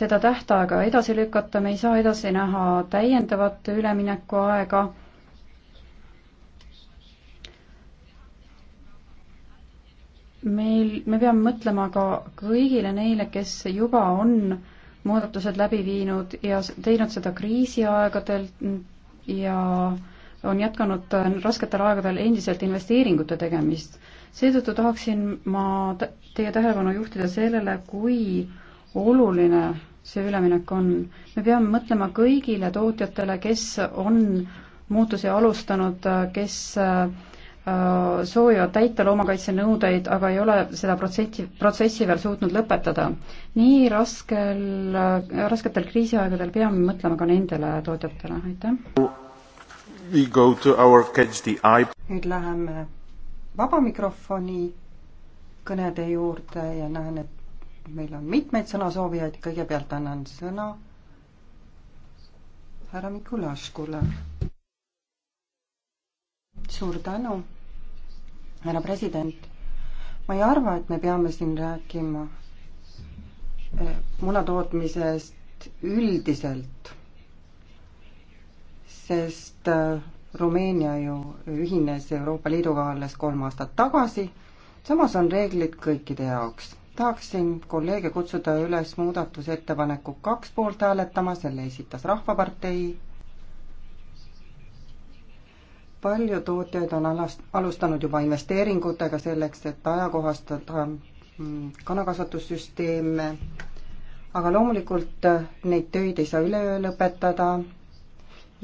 seda tähtaega edasi lükata, me ei saa edasi näha täiendavat üleminekuaega meil, me peame mõtlema ka kõigile neile, kes juba on muudatused läbi viinud ja teinud seda kriisiaegadel ja on jätkanud rasketel aegadel endiselt investeeringute tegemist. seetõttu tahaksin ma teie tähelepanu juhtida sellele, kui oluline see üleminek on. me peame mõtlema kõigile tootjatele, kes on muutusi alustanud, kes äh, Äh, soovivad täita loomakaitsenõudeid, aga ei ole seda protsenti, protsessi veel suutnud lõpetada. nii raskel, äh, rasketel kriisiaegadel peame mõtlema ka nendele tootjatele, aitäh.
nüüd läheme vaba mikrofoni kõnede juurde ja näen, et meil on mitmeid sõnasoovijaid, kõigepealt annan sõna härra Mikulaškule. suur tänu härra president, ma ei arva, et me peame siin rääkima eh, munatootmisest üldiselt, sest eh, Rumeenia ju ühines Euroopa Liiduga alles kolm aastat tagasi, samas on reeglid kõikide jaoks. tahaksin kolleege kutsuda üles muudatusettepaneku kaks poolt hääletama, selle esitas Rahvapartei palju tootjaid on alast-, alustanud juba investeeringutega selleks, et ajakohastada mm, kanakasvatussüsteeme, aga loomulikult äh, neid töid ei saa üleöö lõpetada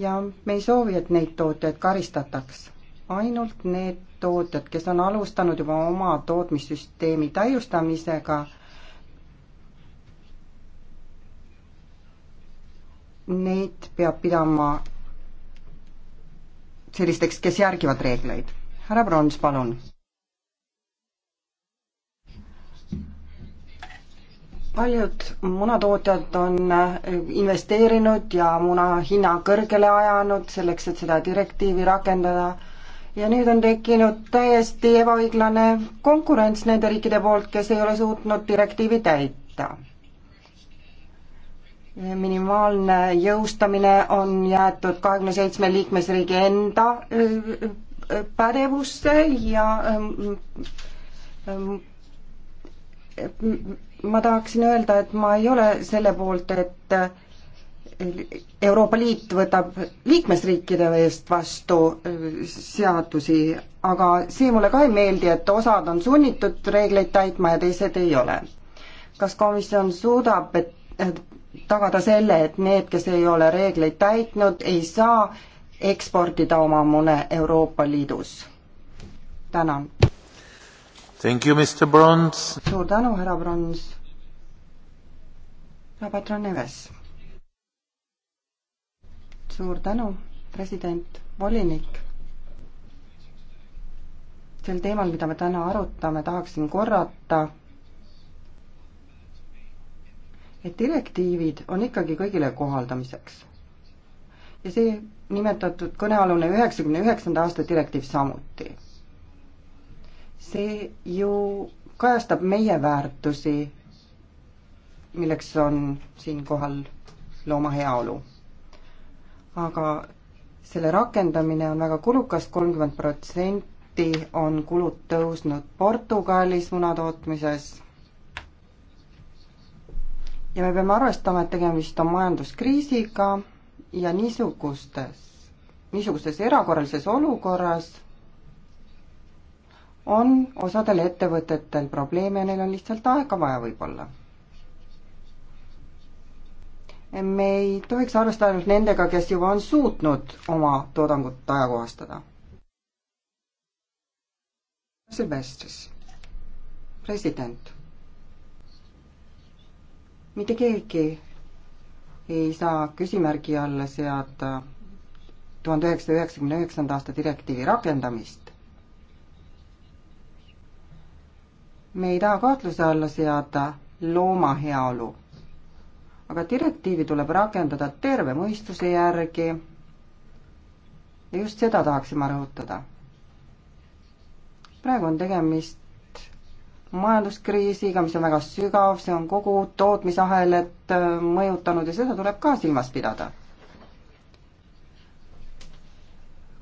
ja me ei soovi, et neid tootjaid karistataks. ainult need tootjad, kes on alustanud juba oma tootmissüsteemi täiustamisega, neid peab pidama sellisteks, kes järgivad reegleid. härra Brons, palun. paljud munatootjad on äh, investeerinud ja muna hinna kõrgele ajanud selleks, et seda direktiivi rakendada ja nüüd on tekkinud täiesti ebaõiglane konkurents nende riikide poolt, kes ei ole suutnud direktiivi täita minimaalne jõustamine on jäetud kahekümne seitsme liikmesriigi enda äh, äh, pädevusse ja ähm, ähm, äh, ma tahaksin öelda, et ma ei ole selle poolt, et Euroopa Liit võtab liikmesriikide eest vastu seadusi, aga see mulle ka ei meeldi, et osad on sunnitud reegleid täitma ja teised ei ole. kas komisjon suudab, et tagada selle, et need, kes ei ole reegleid täitnud, ei saa eksportida oma mune Euroopa Liidus. tänan. Thank you, Mr Brons. suur tänu, härra Brons. härra Patron Neves. suur tänu, president, volinik sel teemal, mida me täna arutame, tahaksin korrata et direktiivid on ikkagi kõigile kohaldamiseks. ja see nimetatud kõnealune üheksakümne üheksanda aasta direktiiv samuti. see ju kajastab meie väärtusi, milleks on siinkohal looma heaolu. aga selle rakendamine on väga kulukas, kolmkümmend protsenti on kulud tõusnud Portugalis munatootmises ja me peame arvestama, et tegemist on majanduskriisiga ja niisugustes, niisuguses erakorralises olukorras on osadel ettevõtetel probleeme ja neil on lihtsalt aega vaja võib-olla. me ei tohiks arvestada ainult nendega, kes juba on suutnud oma toodangut ajakohastada. Silvestris, president mitte keegi ei saa küsimärgi alla seada tuhande üheksasaja üheksakümne üheksanda aasta direktiivi rakendamist. me ei taha kahtluse alla seada looma heaolu. aga direktiivi tuleb rakendada terve mõistuse järgi. ja just seda tahaksin ma rõhutada. praegu on tegemist majanduskriisiga, mis on väga sügav, see on kogu tootmisahelat äh, mõjutanud ja seda tuleb ka silmas pidada.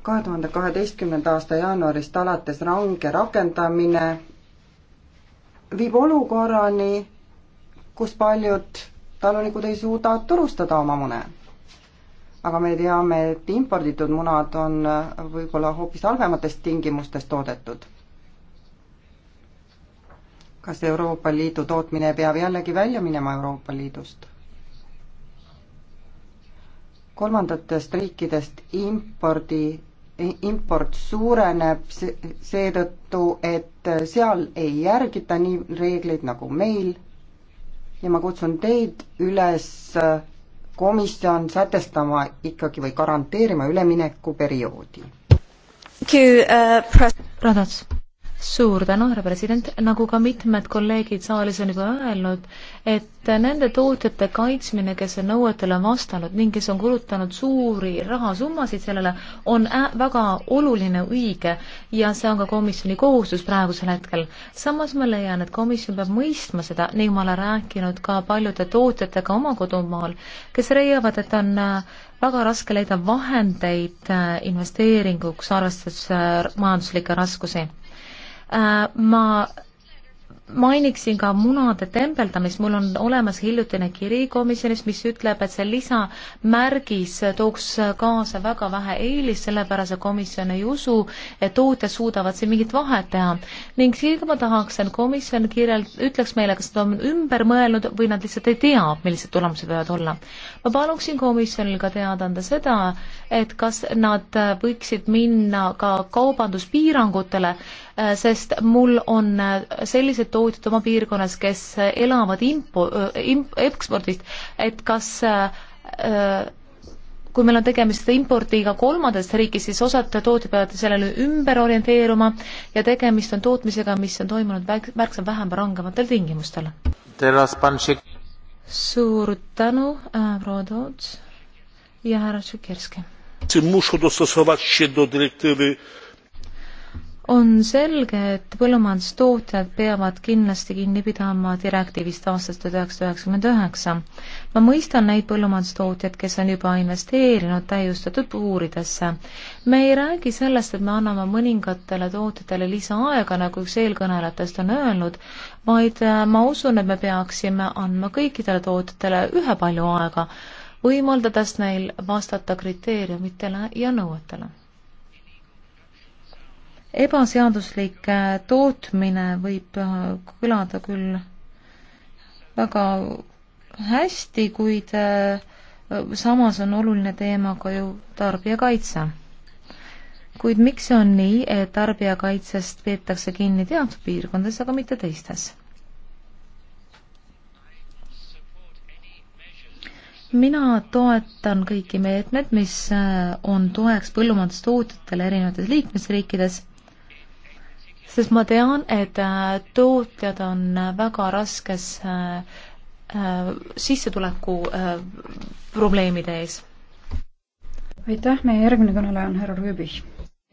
kahe tuhande kaheteistkümnenda aasta jaanuarist alates range rakendamine viib olukorrani, kus paljud talunikud ei suuda turustada oma mune aga me teame, et imporditud munad on äh, võib-olla hoopis halvematest tingimustest toodetud kas Euroopa Liidu tootmine peab jällegi välja minema Euroopa Liidust? kolmandatest riikidest impordi, import suureneb seetõttu, et seal ei järgita nii reegleid nagu meil ja ma kutsun teid üles komisjon sätestama ikkagi või garanteerima üleminekuperioodi.
Uh, Radats suur tänu, härra president, nagu ka mitmed kolleegid saalis on juba öelnud, et nende tootjate kaitsmine, kes on nõuetele vastanud ning kes on kulutanud suuri rahasummasid sellele, on väga oluline, õige ja see on ka komisjoni kohustus praegusel hetkel. samas ma leian, et komisjon peab mõistma seda ning ma olen rääkinud ka paljude tootjatega oma kodumaal, kes leiavad, et on äh, väga raske leida vahendeid äh, investeeringuks, arvestades äh, majanduslikke raskusi Äh, ma mainiksin ka munade tembeldamist, mul on olemas hiljutine kiri komisjonis, mis ütleb, et see lisamärgis tooks kaasa väga vähe eelist, sellepärast et komisjon ei usu, et tootjad suudavad siin mingit vahet teha. ning seega ma tahaksin, komisjon kirjel-, ütleks meile, kas nad on ümber mõelnud või nad lihtsalt ei tea, millised tulemused võivad olla. ma paluksin komisjonil ka teada anda seda, et kas nad võiksid minna ka kaubanduspiirangutele, Äh, sest mul on äh, sellised tootjad oma piirkonnas, kes elavad impo-, äh, imp-, ekspordist, et kas kui meil on tegemist impordiga kolmandast riigist, siis osad tootjad peavad sellele ümber orienteeruma ja tegemist on tootmisega, mis on toimunud märksa vähem rangematel tingimustel. suur tänu äh,, proua Toots ja härra Tšikerski. muszą dostosować się do dyrektywy on selge, et põllumajandustootjad peavad kindlasti kinni pidama direktiivist aastast tuhat üheksasada üheksakümmend üheksa. ma mõistan neid põllumajandustootjaid, kes on juba investeerinud täiustatud puuridesse. me ei räägi sellest, et me anname mõningatele tootjatele lisaaega, nagu üks eelkõnelejatest on öelnud, vaid äh, ma usun, et me peaksime andma kõikidele tootjatele ühepalju aega, võimaldades neil vastata kriteeriumitele ja nõuetele ebaseaduslik äh, tootmine võib äh, kõlada küll väga hästi, kuid äh, samas on oluline teema ka ju tarbijakaitse. kuid miks see on nii, et tarbijakaitsest peetakse kinni teatud piirkondades, aga mitte teistes? mina toetan kõiki meetmed, mis on toeks põllumajandustootjatele erinevates liikmesriikides sest ma tean, et äh, tootjad on äh, väga raskes äh, sissetuleku probleemide ees. aitäh, meie
järgmine kõneleja on härra Rüübich.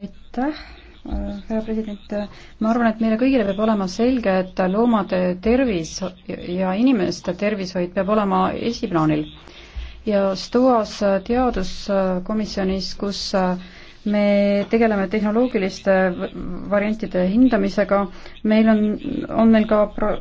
aitäh, härra president, ma arvan, et meile kõigile peab olema selge, et loomade tervis ja inimeste tervishoid peab olema esiplaanil. ja STOA-s teaduskomisjonis, kus äh, me tegeleme tehnoloogiliste variantide hindamisega, meil on, on meil ka pro,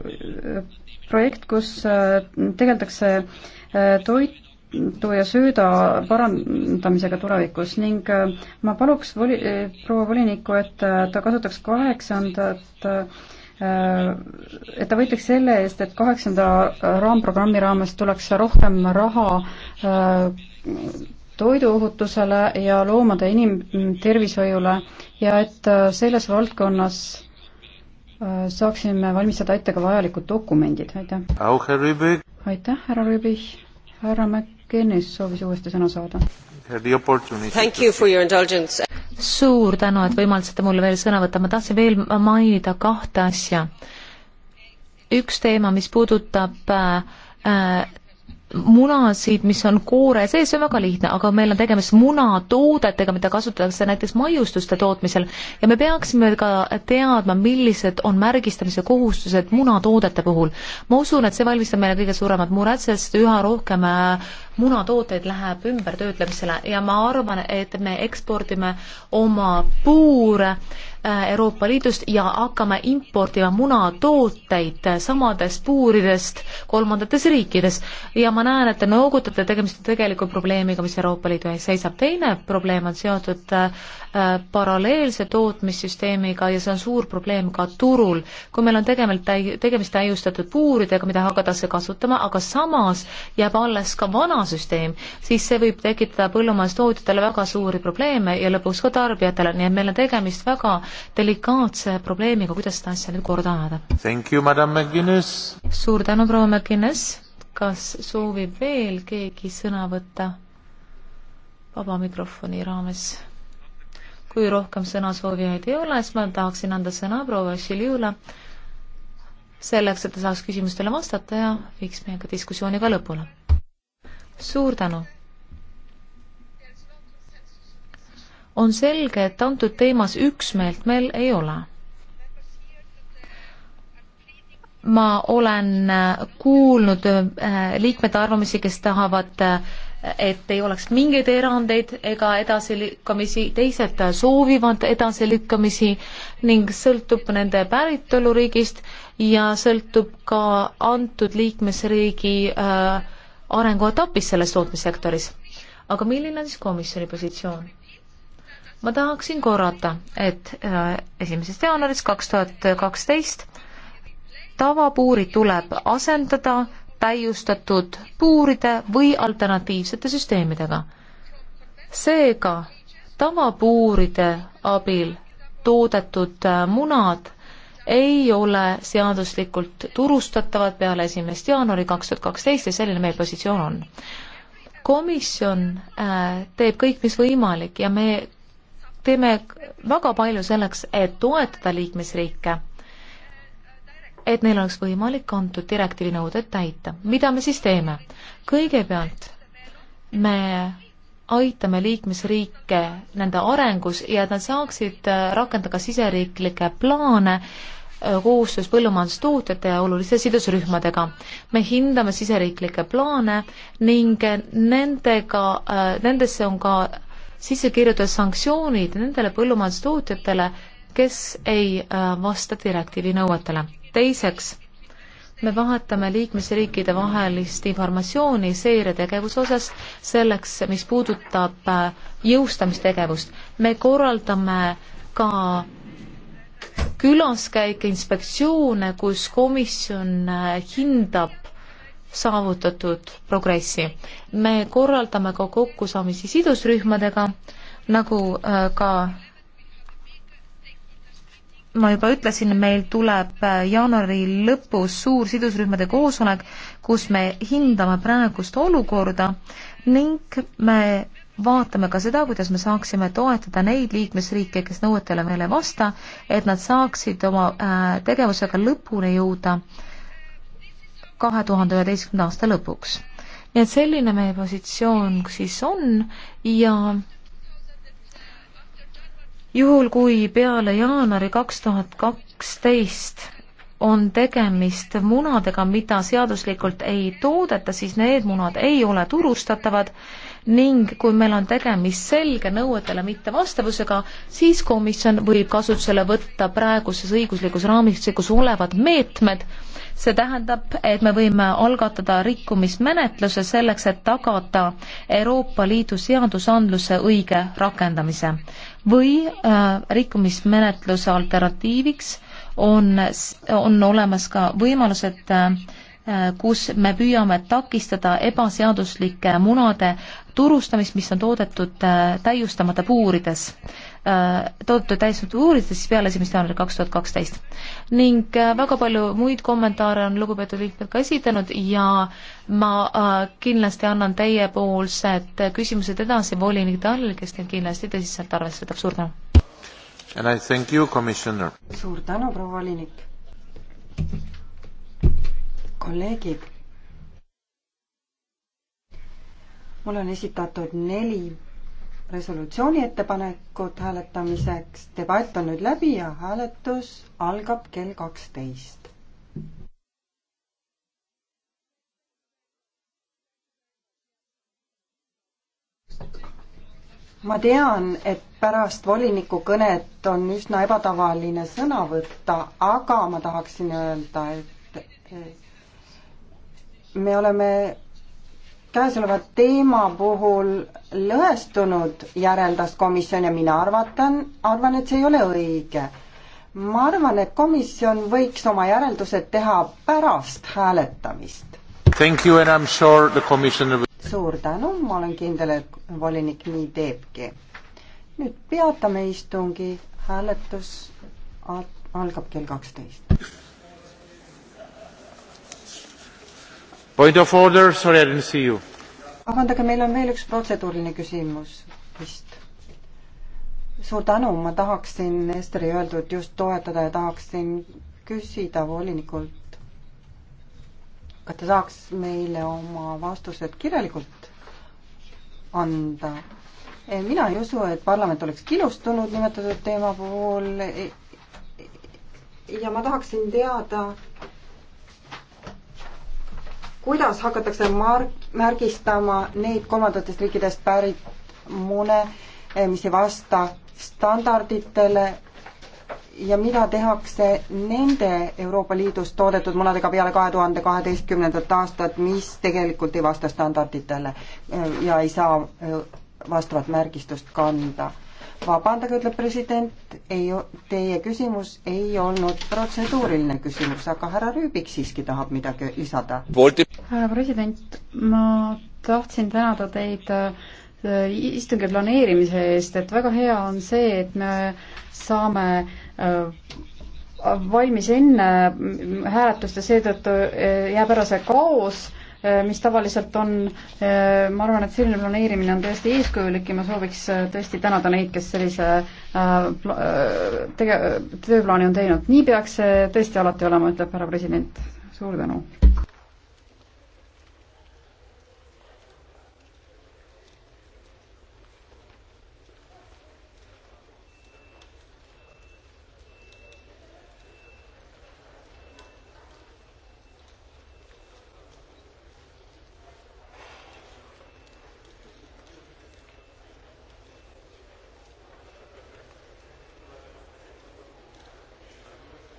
projekt, kus äh, tegeldakse äh, toit, toidu ja sööda parandamisega tulevikus ning äh, ma paluks voli, proua volinikku, et ta kasutaks kaheksandat et ta võitleks selle eest, et kaheksanda raamprogrammi raames tuleks rohkem raha toiduohutusele ja loomade inimtervishoiule ja et äh, selles valdkonnas äh, saaksime valmistada ette ka vajalikud dokumendid, aitäh. aitäh, härra
Rüübich, härra McKennis soovis uuesti sõna saada. suur tänu, et võimaldasite mul veel sõna võtta, ma tahtsin veel mainida kahte asja. üks teema, mis puudutab äh, äh munasid, mis on koore sees, see on väga lihtne, aga meil on tegemist munatoodetega, mida kasutatakse näiteks maiustuste tootmisel ja me peaksime ka teadma, millised on märgistamise kohustused munatoodete puhul. ma usun, et see valmistab meile kõige suuremad mured, sest üha rohkem äh, munatooteid läheb ümbertöötlemisele ja ma arvan, et me ekspordime oma puure äh, Äh, Euroopa Liidust ja hakkame importima munatooteid samadest puuridest kolmandates riikides. ja ma näen, et te noogutate, tegemist on tegeliku probleemiga, mis Euroopa Liidu ees seisab. teine probleem on seotud äh, äh paralleelse tootmissüsteemiga ja see on suur probleem ka turul. kui meil on tegemelt täi-, tegemist täiustatud puuridega, mida hakatakse kasutama, aga samas jääb alles ka vana süsteem, siis see võib tekitada põllumajandustootjatele väga suuri probleeme ja lõpuks ka tarbijatele, nii et meil on tegemist väga delikaatse probleemiga, kuidas seda asja nüüd korda
ajada.
suur tänu, proua McGuinness. kas soovib veel keegi sõna võtta vaba mikrofoni raames? kui rohkem sõnasoovijaid ei ole, siis ma tahaksin anda sõna proua Vassiljule selleks, et ta saaks küsimustele vastata ja viiks meie ka diskussiooni ka lõpule. suur tänu! on selge, et antud teemas üksmeelt meil ei ole. ma olen äh, kuulnud äh, liikmete arvamusi, kes tahavad äh, et ei oleks mingeid erandeid ega edasilükkamisi, teised soovivad edasilükkamisi ning sõltub nende päritoluriigist ja sõltub ka antud liikmesriigi äh, arenguetapis selles tootmissektoris. aga milline on siis komisjoni positsioon? ma tahaksin korrata, et äh, esimesest jaanuarist kaks tuhat kaksteist tavapuuri tuleb asendada täiustatud puuride või alternatiivsete süsteemidega. seega tavapuuride abil toodetud äh, munad ei ole seaduslikult turustatavad peale esimest jaanuari kaks tuhat kaksteist ja selline meie positsioon on. komisjon äh, teeb kõik, mis võimalik ja me teeme väga palju selleks, et toetada liikmesriike, et neil oleks võimalik antud direktiivi nõuded täita. mida me siis teeme? kõigepealt me aitame liikmesriike nende arengus ja et nad saaksid äh, rakendada ka siseriiklikke plaane äh, koostöös põllumajandustootjate ja oluliste sidusrühmadega. me hindame siseriiklikke plaane ning äh, nendega, nendesse on ka sisse kirjutada sanktsioonid nendele põllumajandustootjatele, kes ei äh, vasta direktiivi nõuetele. teiseks, me vahetame liikmesriikide vahelist informatsiooni seiretegevuse osas selleks, mis puudutab äh, jõustamistegevust. me korraldame ka külaskäike, inspektsioone, kus komisjon äh, hindab saavutatud progressi. me korraldame ka kokkusaamisi sidusrühmadega, nagu äh, ka ma juba ütlesin, meil tuleb äh, jaanuari lõpus suur sidusrühmade koosolek, kus me hindame praegust olukorda ning me vaatame ka seda, kuidas me saaksime toetada neid liikmesriike, kes nõuetele meile ei vasta, et nad saaksid oma äh, tegevusega lõpule jõuda äh, kahe tuhande üheteistkümnenda aasta lõpuks. nii et selline meie positsioon siis on ja juhul, kui peale jaanuari kaks tuhat kaksteist on tegemist munadega, mida seaduslikult ei toodeta, siis need munad ei ole turustatavad ning kui meil on tegemist selge nõuetele mittevastavusega, siis komisjon võib kasutusele võtta praeguses õiguslikus raamistikus olevad meetmed. see tähendab, et me võime algatada rikkumismenetluse selleks, et tagada Euroopa Liidu seadusandluse õige rakendamise või äh, rikkumismenetluse alternatiiviks on, on olemas ka võimalused, äh, kus me püüame takistada ebaseaduslike munade turustamist, mis on toodetud äh, täiustamata puurides, äh, toodetud täiustamata puurides siis peale esimest jaanuari kaks tuhat kaksteist. ning väga palju muid kommentaare on lugupeetud liikmed ka esitanud ja ma kindlasti annan teiepoolsed küsimused edasi volinik Tallil, kes neid kindlasti tõsiselt arvestab, suur tänu!
And I thank you, commissioner.
suur
tänu, proua volinik. kolleegid. mul on esitatud neli resolutsiooni ettepanekut hääletamiseks. debatt on nüüd läbi ja hääletus algab kell kaksteist. ma tean, et pärast voliniku kõnet on üsna ebatavaline sõna võtta, aga ma tahaksin öelda, et me oleme käesoleva teema puhul lõhestunud, järeldas komisjon ja mina arvatan, arvan, et see ei ole õige. ma arvan, et komisjon võiks oma järeldused teha pärast hääletamist. Sure commissioner... suur tänu, ma olen kindel, et volinik nii teebki nüüd peatame istungi, hääletus algab kell kaksteist. Point of order, sorry I didn't see you. vabandage, meil on veel üks protseduuriline küsimus vist. suur tänu, ma tahaksin Esteri öeldut just toetada ja tahaksin küsida volinikult, kas ta saaks meile oma vastused kirjalikult anda Eh, mina ei usu, et parlament oleks kilustunud nimetatud teema puhul e, e, ja ma tahaksin teada, kuidas hakatakse mark-, märgistama neid kolmandatest riikidest pärit mune, eh, mis ei vasta standarditele ja mida tehakse nende Euroopa Liidus toodetud munadega peale kahe tuhande kaheteistkümnendat aastat, mis tegelikult ei vasta standarditele eh, ja ei saa vastavat märgistust kanda. vabandage, ütleb president, ei, teie küsimus ei olnud protseduuriline küsimus, aga härra Rüübik siiski tahab midagi lisada. härra president,
ma tahtsin tänada teid äh, istungi planeerimise eest, et väga hea on see, et me saame äh, valmis enne äh, hääletust ja seetõttu jääb ära see kaos Äh, mis tavaliselt on, äh, ma arvan, et selline planeerimine on tõesti eeskujulik ja ma sooviks äh, tõesti tänada neid, kes sellise tege-, tööplaani on teinud. nii peaks see tõesti alati olema, ütleb härra president. suur tänu!